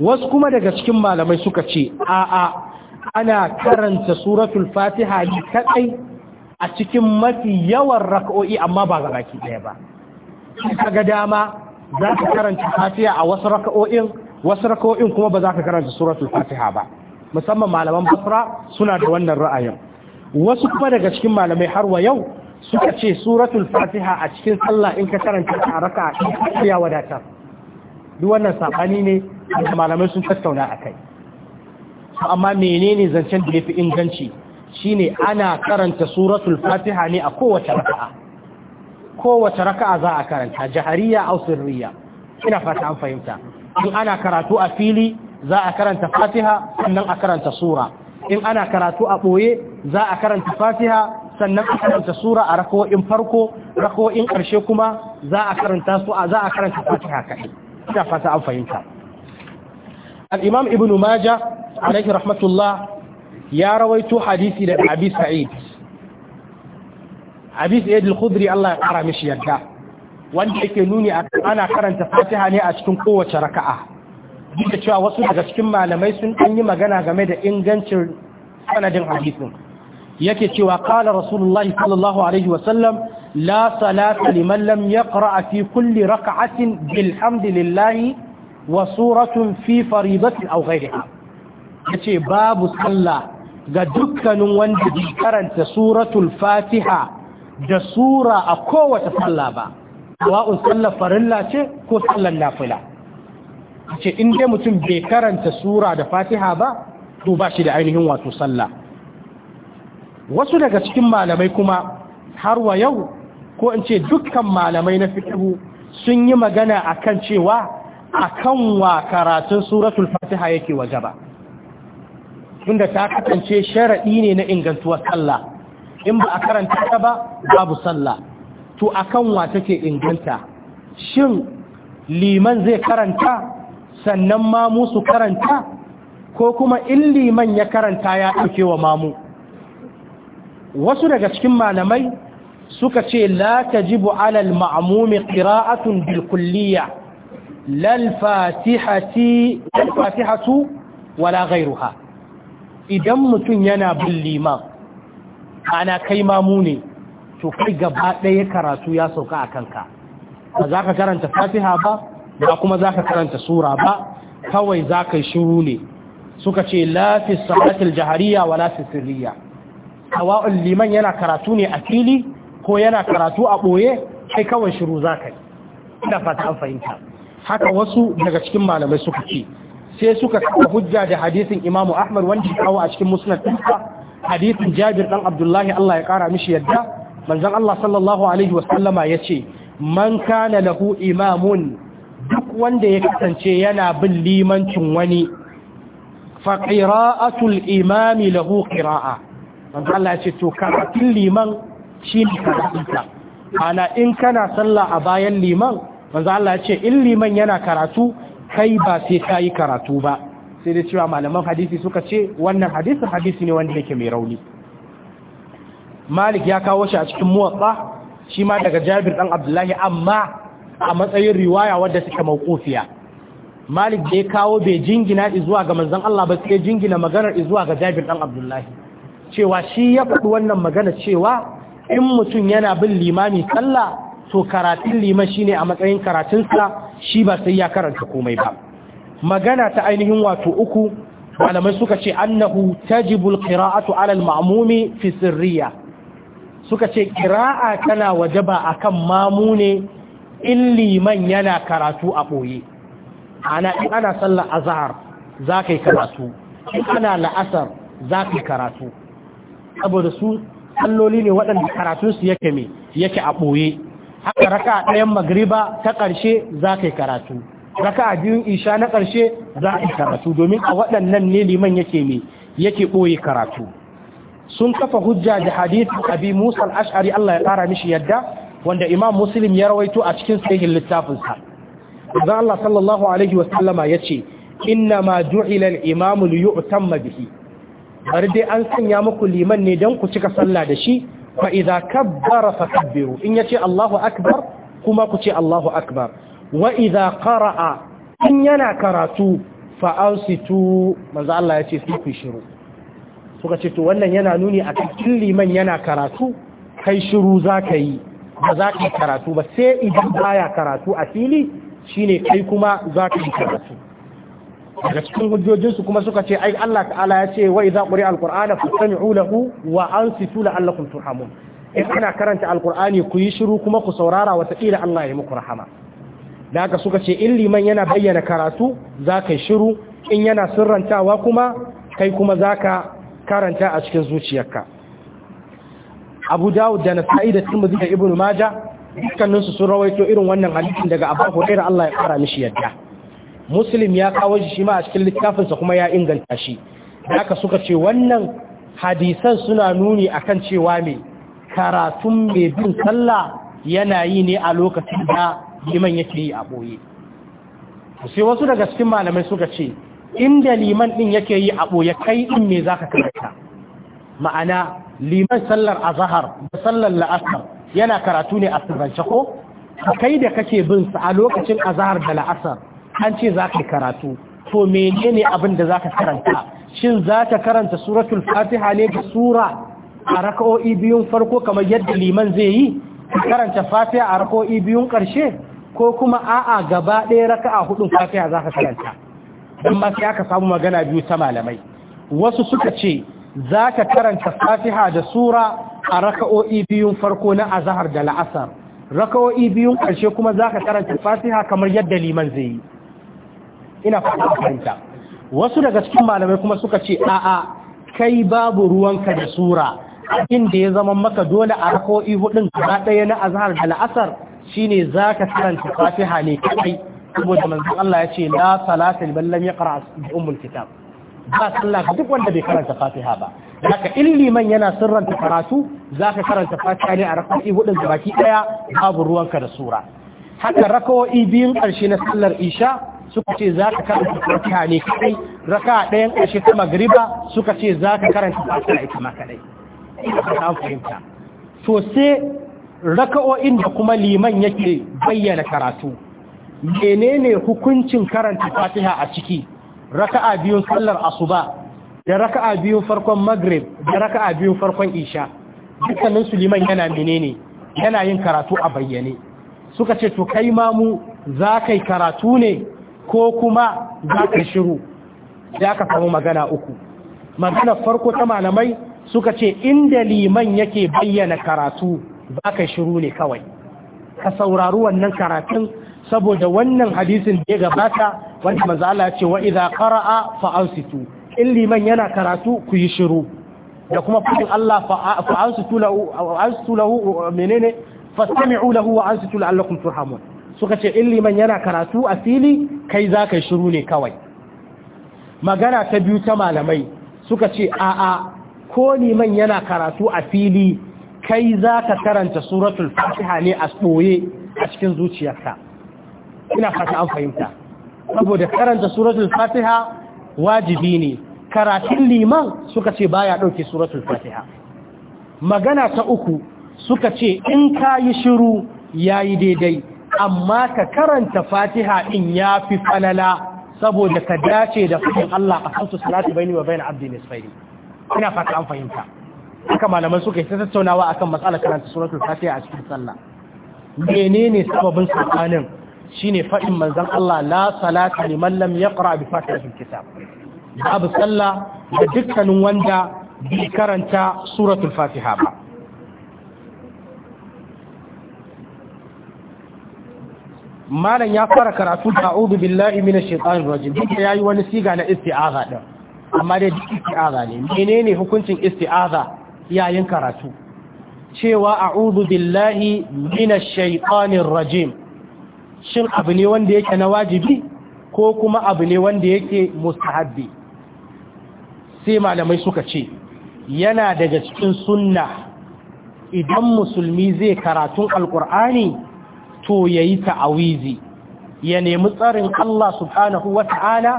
wasu kuma daga cikin malamai suka ce a'a ana karanta suratul fatiha ne kadai a cikin mafi yawan raka'o'i amma ba ga baki daya ba kaga dama za ka karanta fatiha a wasu rak'o'in wasu rak'o'in kuma ba za ka karanta suratul fatiha ba musamman malaman basra suna da wannan ra'ayin wasu kuma daga cikin malamai har wa yau suka ce suratul fatiha a cikin sallah in ka karanta a raka ya wadatar duk wannan sabani ne da malamai sun tattauna akai amma menene zancen da yafi inganci shine ana karanta suratul fatiha ne a kowace raka'a kowace raka'a za a karanta jahariya aw sirriya ina fata an fahimta in ana karatu a fili za a karanta fatiha sannan a karanta sura in ana karatu a boye za a karanta fatiha sannan a karanta sura a rako'in farko rako'in karshe kuma za a karanta su a za a karanta fatiha kaɗai ina fata an fahimta al-imam ibn Maja alaihi rahmatullah ya rawaito hadisi da abi sa'id abi sa'id al-khudri Allah ya kara mishi yadda wanda yake nuni ana karanta fatiha ne a cikin kowace raka'a duk da cewa wasu daga cikin malamai sun an yi magana game da ingancin sanadin hadisin yake cewa qala rasulullahi sallallahu alaihi wa sallam la salata liman lam yaqra fi kulli raka'atin bilhamdillahi wa suratun fi faridatin aw ya ce babu sallah ga dukkanin wanda bai karanta suratun fatiha da sura a kowace sallah ba wa'un sallar farilla ce ko sallar nafila ce inda mutum bai karanta sura da fatiha ba to ba shi da ainihin wato sallah wasu daga cikin malamai kuma har wa yau ko in ce dukkan malamai na fitihu sun yi magana akan cewa akan wa karatun suratul fatiha yake wajaba tunda ta kasance sharadi ne na ingantuwar sallah in ba a karanta ta ba babu sallah to akan wa take inganta shin liman zai karanta sannan mamu su karanta ko kuma in liman ya karanta ya dauke wa mamu wasu daga cikin malamai suka ce la tajibu alal ma'mumi qira'atun bil kulliyya lalfatihati lalfatihatu wala gairuha idan mutum yana bin liman ana kai mamu ne to kai gaba ɗaya karatu ya sauka a kanka ba za ka karanta fatiha ba ba kuma za ka karanta sura ba kawai za ka yi shuru ne suka ce lafi salatul jahariya wa lafi sirriya liman yana karatu ne a fili ko yana karatu a ɓoye kai kawai shiru za ka yi ina fata an fahimta haka wasu daga cikin malamai suka ce sai suka kafa hujja da hadisin imamu ahmad wanda ya kawo a cikin musnad ɗinsa hadisin jabir dan abdullahi allah ya kara mishi yadda manzon allah sallallahu alaihi wasallama ya ce man kana lahu imamun duk wanda ya kasance yana bin limancin wani fa qira'atul imami lahu qira'a manzon allah ya ce to karatun liman shi ne karatunta ana in kana sallah a bayan liman manzo Allah ya ce in liman yana karatu kai ba sai kayi karatu ba sai dai cewa malaman hadisi suka ce wannan hadisin hadisi ne wanda yake mai rauni Malik ya kawo shi a cikin muwatsa shi ma daga Jabir dan Abdullahi amma a matsayin riwaya wadda suke mauqufiya Malik da ya kawo bai jingina zuwa ga manzon Allah ba sai jingina maganar izuwa ga Jabir dan Abdullahi cewa shi ya faɗi wannan magana cewa in mutum yana bin limami sallah to karatun liman shine a matsayin karatunsa shi ba sai ya karanta komai ba magana ta ainihin wato uku malamai suka ce annahu tajibul qira'atu 'ala al-ma'mumi fi sirriya suka ce qira'a tana wajaba akan mamune in liman yana karatu a boye ana in ana sallar azhar zakai karatu in ana la'asar zakai karatu saboda su salloli ne waɗanda karatun su yake me yake a ɓoye. haka raka ɗayan magriba ta ƙarshe za ka yi karatu raka a biyun isha na ƙarshe za a yi karatu domin a waɗannan ne liman yake mai yake ɓoye karatu sun kafa hujja da hadithin abi musa ashari allah ya ƙara mishi yadda wanda imam muslim ya rawaito a cikin sahihin littafinsa zan allah sallallahu alaihi wa ya ce inna ma ju'ila al-imam li yu'tamma bihi bari dai an sanya muku liman ne dan ku cika sallah da shi fa idza kabbara fakabbiru in yace Allahu akbar kuma ku ce Allahu akbar wa idza qara'a in yana karatu fa ansitu manzo Allah yace sai ku shiru suka ce to wannan yana nuni a cikin liman yana karatu kai shiru zaka yi ba za ka yi karatu ba sai idan baya karatu a fili shine kai kuma za ka yi karatu daga cikin hujjojinsu kuma suka ce ai Allah ta'ala ya ce wa idza quri alqur'ana fastami'u lahu wa ansitu la'allakum turhamun in ana karanta alqur'ani ku yi shiru kuma ku saurara wata kila Allah ya muku rahama da suka ce in liman yana bayyana karatu za ka yi shiru in yana sirrantawa kuma kai kuma za ka karanta a cikin zuciyarka abu dawud da nasa'i da tirmidhi da Ibn majah dukkaninsu sun rawaito irin wannan hadisin daga abu hurairah Allah ya fara mishi yadda muslim ya kawo shi ma a cikin littafinsa kuma ya inganta shi Da haka suka ce wannan hadisan suna nuni akan cewa me karatun mai bin sallah yana yi ne a lokacin da liman yake yi a boye sai wasu daga cikin malamai suka ce inda liman din yake yi a boye kai din me zaka karanta ma'ana liman sallar azhar da sallar la'asar yana karatu ne a sirrance ko kai da kake bin sa a lokacin azhar da la'asar an ce za ka karatu to menene abin da za ka karanta shin za ka karanta suratul fatiha ne da sura a raka'o'i biyun farko kamar yadda liman zai yi ka karanta fatiha a raka'o'i biyun ƙarshe ko kuma a'a gaba ɗaya raka'a hudun fatiha za ka karanta don ma sai aka samu magana biyu ta malamai wasu suka ce za ka karanta fatiha da sura a raka'o'i biyun farko na azahar da la'asar raka'o'i biyun ƙarshe kuma za ka karanta fatiha kamar yadda liman zai yi ina fata fahimta wasu daga cikin malamai kuma suka ce a'a kai babu ruwanka da sura abin da ya zama maka dole a rako'i hudun gaba ɗaya na azhar da la'asar shine zaka karanta fatiha ne kai saboda manzon Allah ya ce la salata liman lam yaqra bi ummul kitab ba sallah ga duk wanda bai karanta fatiha ba haka illi man yana sirranta karatu zaka karanta fatiha ne a rako'i hudun gaba ki babu ruwanka da sura haka rako'i biyun karshe na sallar isha suka ce za ka karanta fatiha ne kadai raka ɗayan ƙarshe ta magriba suka ce za ka karanta fatiha ita ma kadai ta fahimta to sai raka'o'in da kuma liman yake bayyana karatu menene hukuncin karanta fatiha a ciki raka'a biyun sallar asuba da raka'a biyun farkon magrib da raka'a biyun farkon isha dukkanin su liman yana menene yana yin karatu a bayyane suka ce to kai mamu za karatu ne ko kuma za ka shiru da ka samu magana uku magana farko ta malamai suka ce inda liman yake bayyana karatu ba ka shiru ne kawai ka saurari wannan karatun saboda wannan hadisin da ya gabata wanda manzo Allah ya ce wa idza fa'ansitu in liman yana karatu ku yi shiru da kuma fadin Allah fa'ansitu lahu fa'ansitu lahu menene lahu wa ansitu la'allakum turhamun suka ce in liman yana karatu a fili kai za ka shiru ne kawai magana ta biyu ta malamai suka ce a'a ko liman yana karatu a fili kai za ka karanta suratul fatiha ne a tsoye a cikin zuciyarka ina fata an fahimta saboda karanta suratul fatiha wajibi ne karatun liman suka ce baya ɗauke suratul fatiha magana ta uku suka ce in ka yi shiru ya yi daidai amma ka karanta fatiha din ya fi falala saboda ka dace da fadin Allah a kansu salatu baini wa bain abdi nisfaini ina fata an fahimta haka malaman suka yi ta tattaunawa akan matsalar karanta suratul fatiha a cikin sallah menene sababin sabanin shine fadin manzon Allah la salata liman lam yaqra bi fatihatil kitab babu sallah da dukkanin wanda bai karanta suratul fatiha ba malam ya fara karatu da a'udhu billahi minash shaitanir rajim duka yayi wani siga na isti'aza din amma dai duk isti'aza ne menene hukuncin isti'aza yayin karatu cewa a'udhu billahi minash shaitanir rajim shin abu ne wanda yake na wajibi ko kuma abu ne wanda yake mustahabbi sai malamai suka ce yana daga cikin sunna idan musulmi zai karatun alkur'ani to yayi ta'awizi ya nemi tsarin Allah subhanahu ta'ala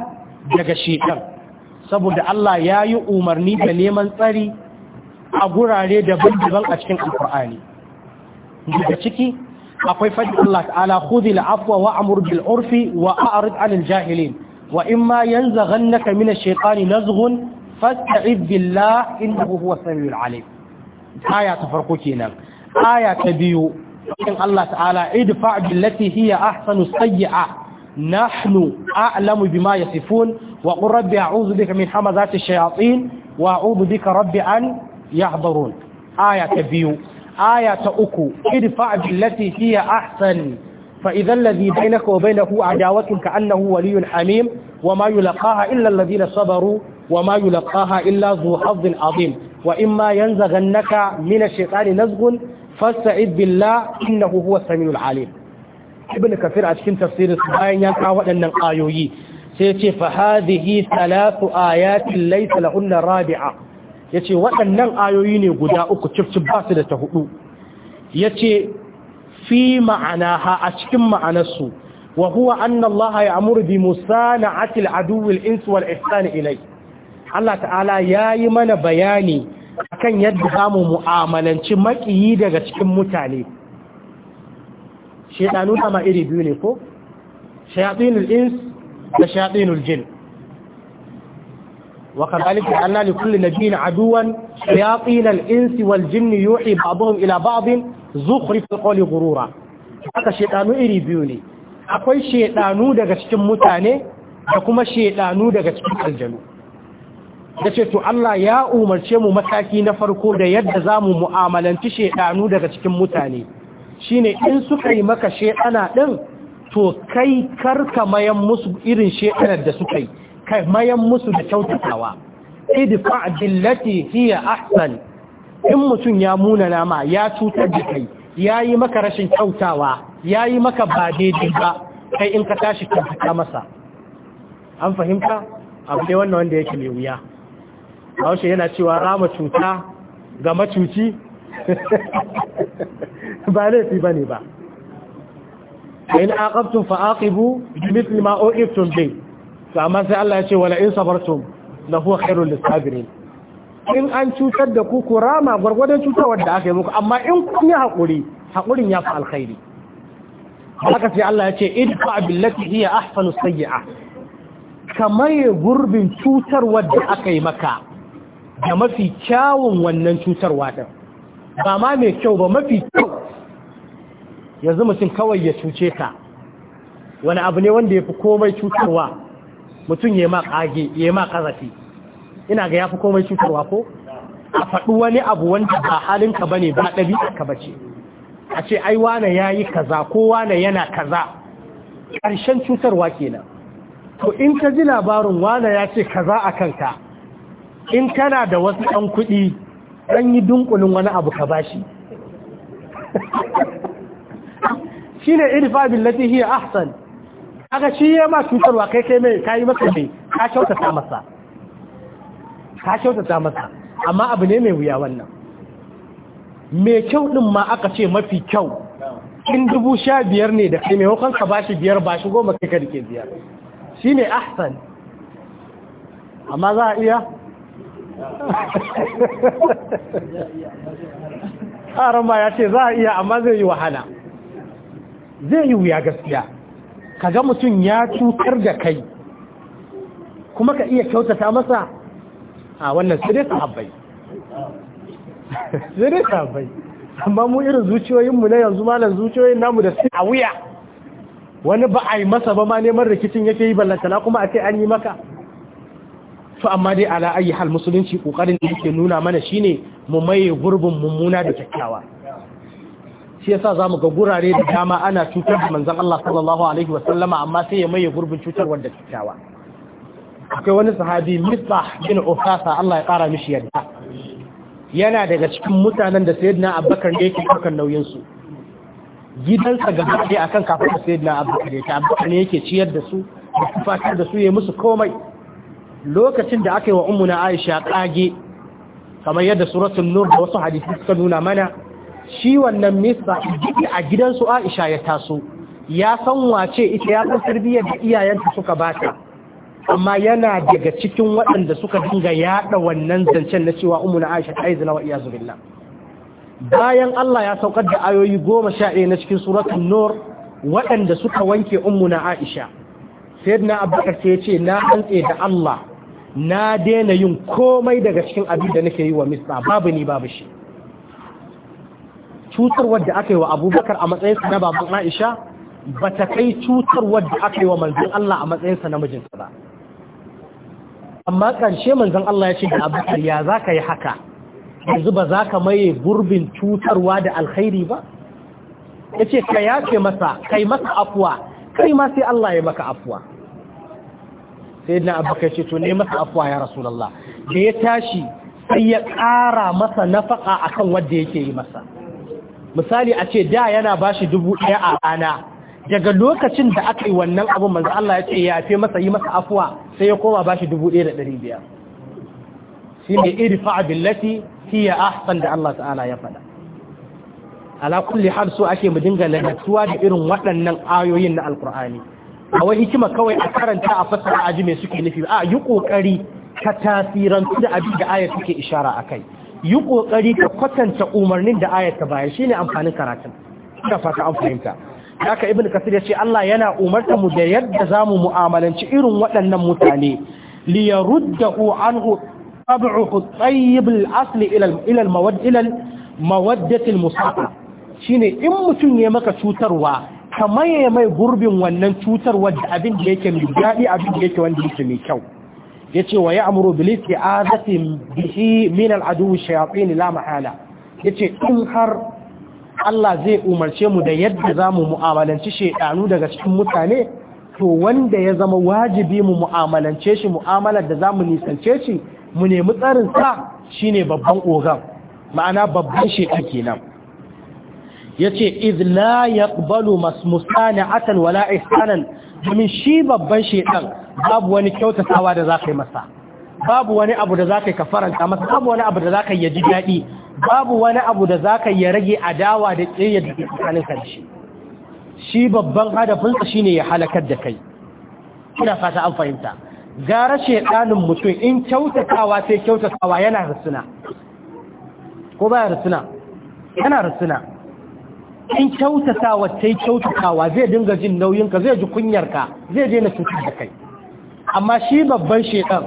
daga shekan saboda Allah ya yi umarni da neman tsari a gurare daban-daban a cikin alkur'ani daga ciki akwai fadin Allah ta'ala khudhi al-afwa wa'mur bil urfi wa a'rid 'anil jahilin wa imma yanzaghannaka min ash na nazghun fasta'id billah huwa aya ta farko kenan aya ta biyu الله تعالى ادفع بالتي هي أحسن السيئة نحن أعلم بما يصفون وقل ربي أعوذ بك من حمزات الشياطين وأعوذ بك ربي أن يحضرون آية بيو آية أكو ادفع بالتي هي أحسن فإذا الذي بينك وبينه عداوة كأنه ولي حميم وما يلقاها إلا الذين صبروا وما يلقاها إلا ذو حظ عظيم وإما ينزغنك من الشيطان نزغ fasta'id billah innahu huwa samiul alim ibn kafir a cikin tafsirin bayan ya kawo waɗannan ayoyi sai ce fa hadhihi thalathu ayatin laysa lahunna rabi'a yace waɗannan ayoyi ne guda uku cifcif ba su da ta hudu yace fi ma'anaha a cikin ma'anarsu wa huwa anna Allah ya'muru bi musana'ati aduwil aduwwi al-ins wal ihsan ilai Allah ta'ala yayi mana bayani akan yadda zamu mu'amalanci makiyi daga cikin mutane shedanu ma iri biyu ne ko shayatinul ins da shayatinul jin وكذلك جعلنا لكل نبي عدوا شياطين الانس والجن يوحي بعضهم الى بعض زخرف القول gurura. haka shedanu iri biyu ne akwai shedanu daga cikin mutane da kuma shedanu daga cikin aljanu ya ce to Allah ya umarce mu mataki na farko da yadda za mu mu'amalanci shaidanu daga cikin mutane shi ne in suka yi maka shaidana ɗin to kai karka mayan musu irin shaidanar da suka yi kai mayan musu da kyautatawa idfa billati hiya ahsan in mutum ya muna nama, ya cutar da kai ya yi maka rashin kyautawa ya yi maka ba daidai ba kai in ka tashi ka masa an fahimta abu dai wannan wanda yake mai wuya haushe yana cewa rama cuta ga macuci ba laifi ba ne ba in aqabtum fa aqibu mithli ma uqibtum su amma sai Allah ya ce wala in sabartun na huwa kairun lissabirin in an cutar da kuku, rama gwargwadon cutarwar da aka yi muku amma in kun yi hakuri hakurin ya fi alkhairi haka sai Allah ya ce in abin lati iya ahsanu sayi'a kamar gurbin cutarwar da aka yi maka da mafi kyawun wannan cutarwa ɗin ba ma mai kyau ba mafi kyau yanzu mutum kawai ya cuce ka wani abu ne wanda ya fi komai cutarwa mutum ya ma ƙage ya ma ƙazafi ina ga ya fi komai cutarwa ko a faɗi wani abu wanda ba halinka ba ne ba ɗabi'arka ba ce a ce ai wane ya yi kaza ko wane yana kaza ƙarshen cutarwa kenan to in ka ji labarin wane ya ce kaza a kanka in kana da wasu ɗan kuɗi ɗan yi dunkulin wani abu ka bashi <laughs> shi ne irfa billati hiya ahsan aka shi yi ma cutarwa kai kai mai kayi masa mai ka kyautata masa ka kyautata masa amma abu ne mai wuya wannan mai kyau din ma aka ce mafi kyau in dubu sha biyar ne da kai maimakon ka bashi biyar ba shi goma kai ka ke biyar shi ne ahsan amma za a iya Ƙarar <laughs> ma ya ce za a iya amma zai yi wahala zai yi wuya gaskiya ka ga mutum ya cutar da kai kuma ka iya kyautata masa a wannan sai dai sahabbai <laughs> sai dai sahabbai amma mu irin zuciyoyinmu na yanzu malam zuciyoyin namu da sai a wuya wani ba a yi masa ba ma neman rikicin yake yi ballantana kuma a ce an yi maka to amma dai ala ayi hal musulunci kokarin da yake nuna mana shine mu maye gurbin mummuna da kyakkyawa shi yasa zamu ga gurare da dama ana cutar da manzon Allah sallallahu alaihi wasallama amma sai ya maye gurbin cutar wanda kyakkyawa akwai wani sahabi Mithah bin Ufasa Allah ya kara mishi yadda yana daga cikin mutanen da sayyidina Abubakar ne yake ɗaukar nauyin su gidansa ga ɗaya akan kafin sayyidina Abubakar ne yake ciyar da su da fatar da su yayi musu komai lokacin da aka yi wa ummuna aisha kage kamar yadda suratun nur da wasu hadisi suka nuna mana shi wannan mista a gidansu aisha ya taso ya san wace ita ya san tarbiyyar da iyayenta suka bata amma yana daga cikin waɗanda suka dinga yaɗa wannan zancen na cewa ummuna aisha ta izina wa iyazu bayan Allah ya saukar da ayoyi goma sha ɗaya na cikin suratun nur waɗanda suka wanke ummuna aisha sayyidina abubakar sai ya ce na hantse da Allah na daina yin komai daga cikin abin da nake yi wa misra babu ni babu shi cutarwar da aka yi wa abubakar a matsayinsa na babu aisha ba ta kai cutarwar da aka yi wa manzan Allah a matsayinsa na mijinsa ba amma ƙarshe manzan Allah ya ce da abubakar ya za ka yi haka yanzu ba za ka maye gurbin cutarwa da alkhairi ba ya ce ka yace masa kai masa afuwa kai ma sai Allah ya maka afuwa sai na abokai ce to ne masa afuwa ya rasulallah da ya tashi sai ya ƙara masa nafaka akan wadda yake yi masa misali a ce da yana bashi dubu ɗaya a rana daga lokacin da aka yi wannan abu manzo Allah ya ce ya fi masa yi masa afuwa sai ya koma bashi dubu ɗaya da ɗari biyar shi ne lati fi ya ahsan da Allah ta'ala ya faɗa ala kulli so ake mu dinga ladatuwa da irin waɗannan ayoyin na alƙur'ani. a wai hikima kawai a karanta a fasara aji mai suke nufi a yi kokari ka tasirantu da abin da ayar suke ishara a kai yi kokari ka kwatanta umarnin da ayar ta Shi ne amfanin karatun ina fata an fahimta haka ibn kasir ya ce Allah yana umarta mu da yadda zamu mu'amalanci irin waɗannan mutane li yaruddahu anhu tab'uhu tayyib ila ila al shine in mutum ya maka cutarwa ka maye mai gurbin wannan cutar wadda abin da yake mai daɗi abin da yake wanda yake mai kyau ya ce wa ya amuru bilis ya azafi bihi min al'adu shayatsini la mahala ya ce in har Allah zai umarce mu da yadda za mu mu'amalanci shaidanu daga cikin mutane to wanda ya zama wajibi mu mu'amalance shi mu'amalar da za mu nisance shi mu nemi tsarin sa shine babban ogan ma'ana babban shaidan kenan yace idh la yaqbalu atan wala ihsanan domin shi babban shedan babu wani kyautatawa da ka yi masa babu wani abu da za ka faranta masa babu wani abu da ka yi ji dadi babu wani abu da ka yi rage adawa da tsayya da tsakanin kanshi shi babban hadafin sa shine ya halakar da kai ina fata an fahimta gara shedanin mutum in kyautatawa sai kyautatawa yana rusuna ko ya rusuna yana rusuna in kyautata kyautata kyautatawa zai dinga jin nauyinka zai ji kunyar ka? zai daina cutar da kai amma shi babban shekar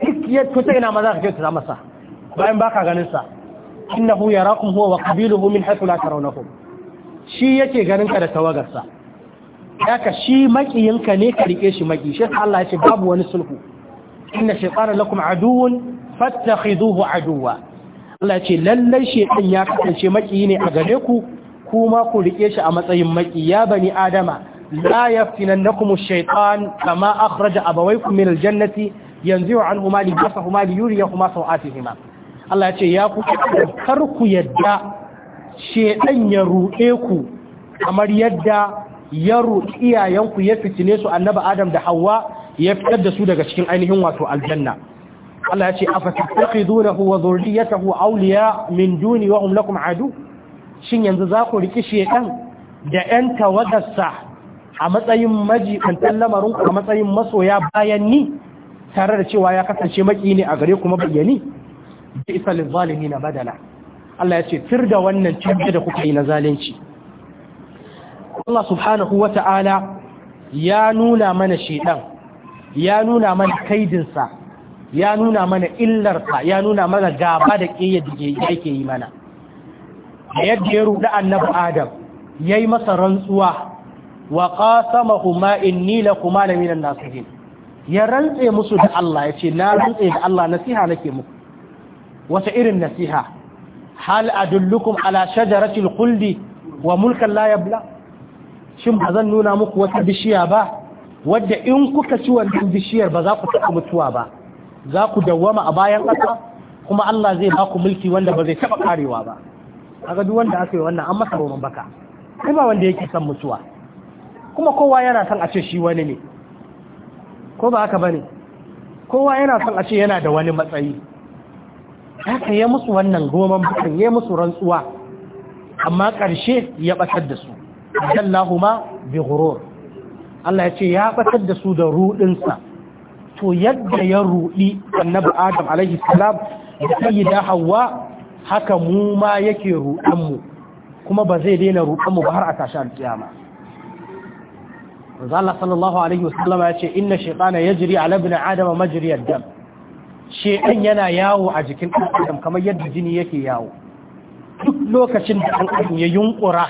duk ya tuta ina maza ka kyautata masa bayan baka ganin sa innahu yarakum huwa wa qabiluhu min haythu la tarawnahum shi yake ganin ka da tawagarsa haka shi makiyinka ne ka rike shi maki shi Allah ya ce babu wani sulhu inna shaytana lakum aduwwun fattakhiduhu aduwwa Allah ya ce lallai shaytan ya kasance makiyi ne a gare ku kuma ku riƙe shi a matsayin maki ya bani adama la yaftinannakum ash-shaytan kama akhraja abawaykum min al-jannati yanzi'u anhuma libasahuma liyuriyahuma sawatihima Allah ya ce ya ku kar ku yadda shedan ya ruɗe ku kamar yadda ya ruɗi iyayenku ya fitine su annabi Adam da Hawwa ya fitar da su daga cikin ainihin wato aljanna Allah ya ce afa tattakhidunahu wa dhurriyyatahu awliya min duni wa hum lakum adu shin yanzu za ku riƙi shekan da 'yan tawadarsa a matsayin majibantan lamarinku a matsayin masoya bayan ni tare da cewa ya kasance maki ne a gare kuma bayyani da isa zalimi na badala Allah ya ce tur da wannan canje da kuka yi na zalunci Allah subhanahu wa ta'ala ya nuna mana shedan ya nuna mana kaidinsa ya nuna mana illarsa ya nuna mana gaba da ƙiyyar da yake yi mana da yadda ya ruɗa annabi adam ya yi masa rantsuwa wa ƙasama kuma inni la minan nasihin ya rantse musu da Allah ya ce na rantse da Allah nasiha nake muku wata irin nasiha hal adullukum ala shajaratil khuldi wa mulkan la yabla shin ba zan nuna muku wata bishiya ba wadda in kuka ci wannan bishiyar ba za ku taɓa mutuwa ba za ku dawwama a bayan ƙasa kuma Allah zai ba ku mulki wanda ba zai taɓa karewa ba aga duk wanda aka yi wannan an masa roman baka kai ba wanda yake san mutuwa kuma kowa yana son a ce shi wani ne ko ba haka bane kowa yana son a ce yana da wani matsayi haka ya musu wannan goman bakan ya musu rantsuwa amma karshe ya batar da su ma bi ghurur Allah ya ce ya batar da su da ruɗinsa to yadda ya ruɗi annabi Adam alaihi salam da sayyida Hawwa haka mu ma yake ruɗanmu kuma ba zai daina mu ba har a tashi alƙiyama Allah sallallahu alaihi wasallam ya ce inna shaytana yajri ala ibn adam majri ad-dam shaytan yana yawo a jikin adam kamar yadda jini yake yawo duk lokacin da an adam ya yunkura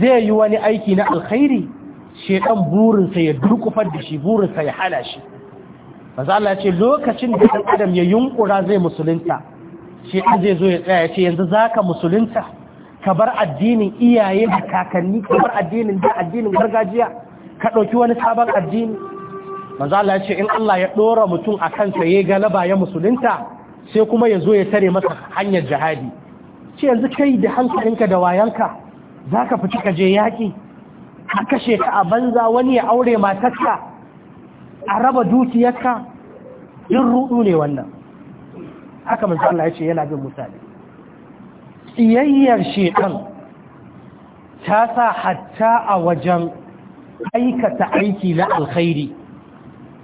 zai yi wani aiki na alkhairi shaytan burinsa ya durkufar da shi burinsa ya hana shi manzo ya ce lokacin da adam ya yunƙura zai musulunta shi ɗan zai zo ya tsaya ce yanzu za ka musulunta ka bar addinin iyaye da kakanni ka bar addinin da addinin gargajiya ka ɗauki wani sabon addini manzo Allah ya ce in Allah ya ɗora mutum a kansa ya galaba ya musulunta sai kuma ya zo ya tare masa hanyar jihadi ce yanzu kai da hankalinka da wayanka za ka fita ka je yaƙi ka kashe ka a banza wani ya aure matarka a raba dukiyarka In ruɗu ne wannan haka manzo Allah ya ce yana bin mutane tsiyayyar shekan ta sa hatta a wajen aikata aiki na alkhairi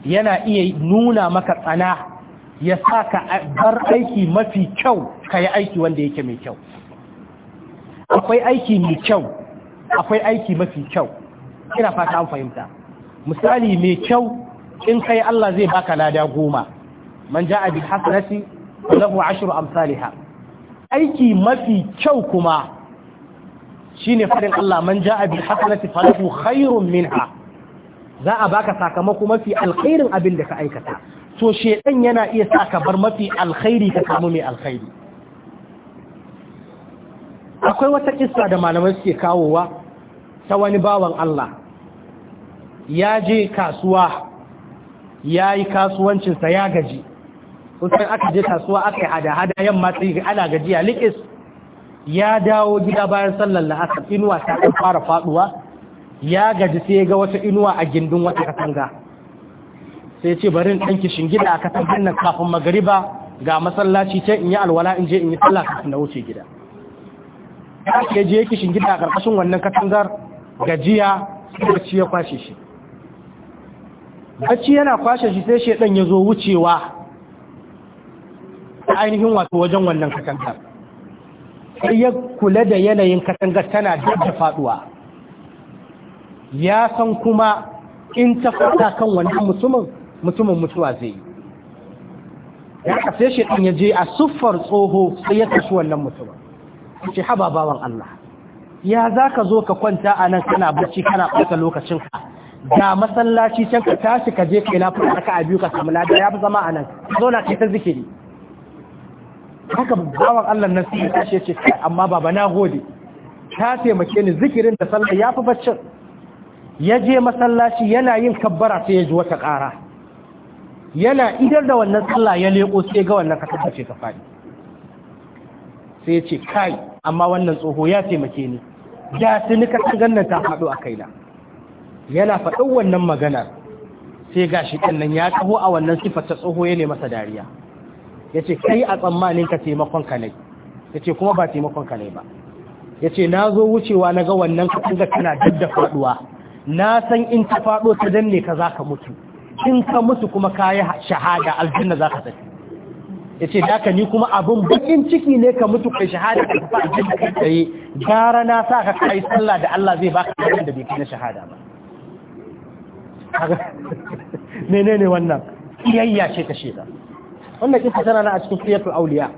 yana iya nuna maka tsana ya sa ka bar aiki mafi kyau ka yi aiki wanda yake mai kyau akwai aiki mai kyau akwai aiki mafi kyau ina fata an fahimta misali mai kyau in kai Allah zai baka lada goma man ja'a bi hasanati lahu ashru amsalha aiki mafi kyau kuma shine farin Allah man ja'a bil hasanati falahu khairun minha za a baka sakamako mafi alkhairin abin da ka aikata to shedan yana iya sa ka bar mafi alkhairi ka samu mai alkhairi akwai wata kissa da malamai suke kawowa ta wani bawan Allah ya je kasuwa ya yi kasuwancinsa ya gaji kusan aka je kasuwa aka yi hada-hada yamma tsiri ana gajiya likis ya dawo gida bayan sallar la'asar inuwa ta ɗan fara faɗuwa ya gaji sai ya ga wata inuwa a gindin wata katanga sai ce barin ɗan kishin gida a katan hannun kafin magariba ga masallaci ce in yi alwala in je in yi sallah kafin na wuce gida ya ke je kishin gida a ƙarƙashin wannan katangar gajiya bacci ya kwashe shi bacci yana kwashe shi sai ɗan ya zo wucewa ta ainihin wato wajen wannan katangar sai ya kula da yanayin katangar tana da faduwa ya san kuma in ta fada kan wannan mutumin mutumin mutuwa zai ya kafe shi ɗin ya je a siffar tsoho sai ya tashi wannan mutumin ce haba bawan Allah ya za ka zo ka kwanta a nan kana bacci kana ɓata lokacinka da masallaci can ka tashi ka je ka yi lafi a biyu ka samu lada ya fi zama a nan zo na ta zikiri haka bawan Allah nan sai ya tashi ya ce amma baba na gode ta taimake ni zikirin da sallah ya fi baccin ya je masallaci yana yin kabbara sai ya ji wata ƙara yana idar da wannan sallah ya leko sai ga wannan kasar ce ta faɗi sai ya ce kai amma wannan tsoho ya taimake ni ya tuni kasar gannan ta faɗo a kaina yana faɗin wannan maganar sai gashi ɗannan nan ya taho a wannan sifar ta tsoho ya ne masa dariya ya ce kai a tsammanin ka taimakon ka ne ya ce kuma ba taimakon ka ne ba ya ce na zo wucewa na ga wannan ka kana duk da faduwa na san in ta fado ta danne ka za ka mutu in ka mutu kuma ka yi shahada aljanna za ka tafi ya ce da ni kuma abin bakin ciki ne ka mutu kai shahada ka fa aljanna kai tsaye gara na sa ka kai sallah da Allah zai baka abin da bai kai na shahada ba <laughs> menene wannan kiyayya ce ta shekara wannan kisa tana na a cikin siyatul auliya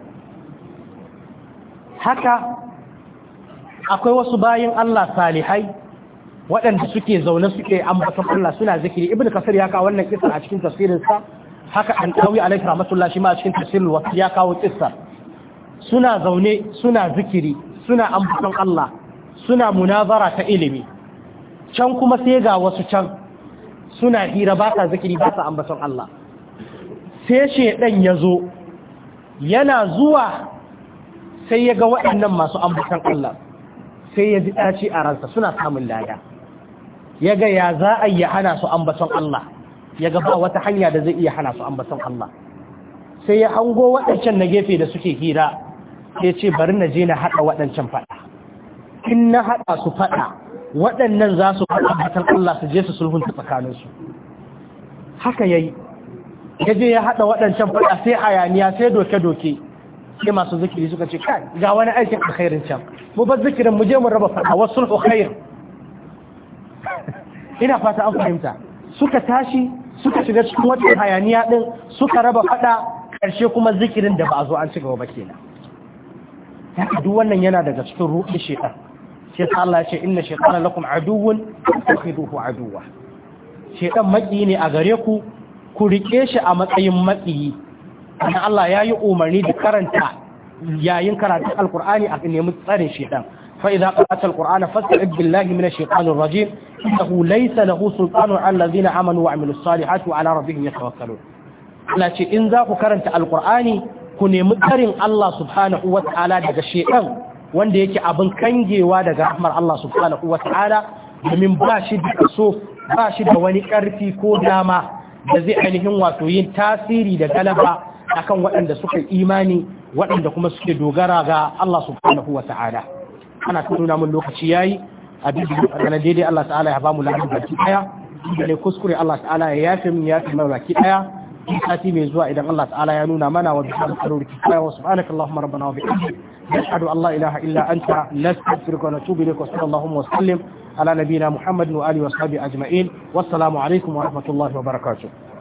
haka akwai wasu bayin Allah salihai waɗanda suke zaune suke ambaton Allah suna zikiri ibnu kasir ya kawo wannan kisa a cikin tafsirinsa haka an tawi alaihi rahmatullah shi ma a cikin tafsirin wasu ya kawo kisa suna zaune suna zikiri suna ambaton Allah suna munazara ta ilimi can kuma sai ga wasu can suna hira ba sa zikiri ba sa ambaton Allah sai shaidan ya zo yana zuwa sai ya ga waɗannan masu ambatan Allah sai ya ji ɗaci a ransa suna samun lada ya ga ya za a yi hana su ambatan Allah ya ga ba wata hanya da zai iya hana su ambatan Allah sai ya hango waɗancan na gefe da suke hira ya ce bari na je na haɗa waɗancan faɗa in na haɗa su faɗa waɗannan za su faɗa ambatan Allah su je su sulhunta tsakaninsu haka ya yi ya je ya haɗa waɗancan faɗa sai hayaniya sai doke-doke sai masu zikiri suka ce kai ga wani aikin alkhairin can mu ba zikirin mu je mu raba faɗa wasu alkhair <laughs> ina fata an fahimta suka tashi suka shiga cikin wata hayaniya din suka raba faɗa ƙarshe kuma zikirin da ba a zo an ci gaba ba kenan ka duk wannan yana daga cikin ruɗin shekar sai Allah ya ce inna shekara lakum aduwwun duhu aduwa shekar maƙi ne a gare ku ku riƙe shi a matsayin matsiyi ana Allah ya yi umarni da karanta yayin karatun alkur'ani a nemi tsarin shaitan fa idza qara'ta alqur'ana fasta'id billahi minash shaitanir rajim innahu laysa lahu sultanun 'ala alladhina amanu wa 'amilus salihati wa 'ala rabbihim yatawakkalun ana ce in za ku karanta alkur'ani ku nemi tsarin Allah subhanahu wa ta'ala daga shaitan wanda yake abin kangewa daga rahmar Allah subhanahu wa ta'ala domin ba da so bashi da wani karfi ko dama da zai ainihin wato yin tasiri da galaba akan waɗanda suka imani waɗanda kuma suke dogara ga Allah subhanahu wa ta'ala ana nuna mun lokaci yayi abin da na daidai Allah ta'ala ya bamu lafiya baki daya da ne kuskure Allah ta'ala ya yafe min yafe mai baki daya in sati mai zuwa idan Allah ta'ala ya nuna mana wa bihamdi karuri kifaya wa subhanaka allahumma rabbana wa bihamdik nashhadu an la ilaha illa anta nastaghfiruka wa natubu ilayk wa sallallahu wa sallim على نبينا محمد وآله وصحبه أجمعين والسلام عليكم ورحمة الله وبركاته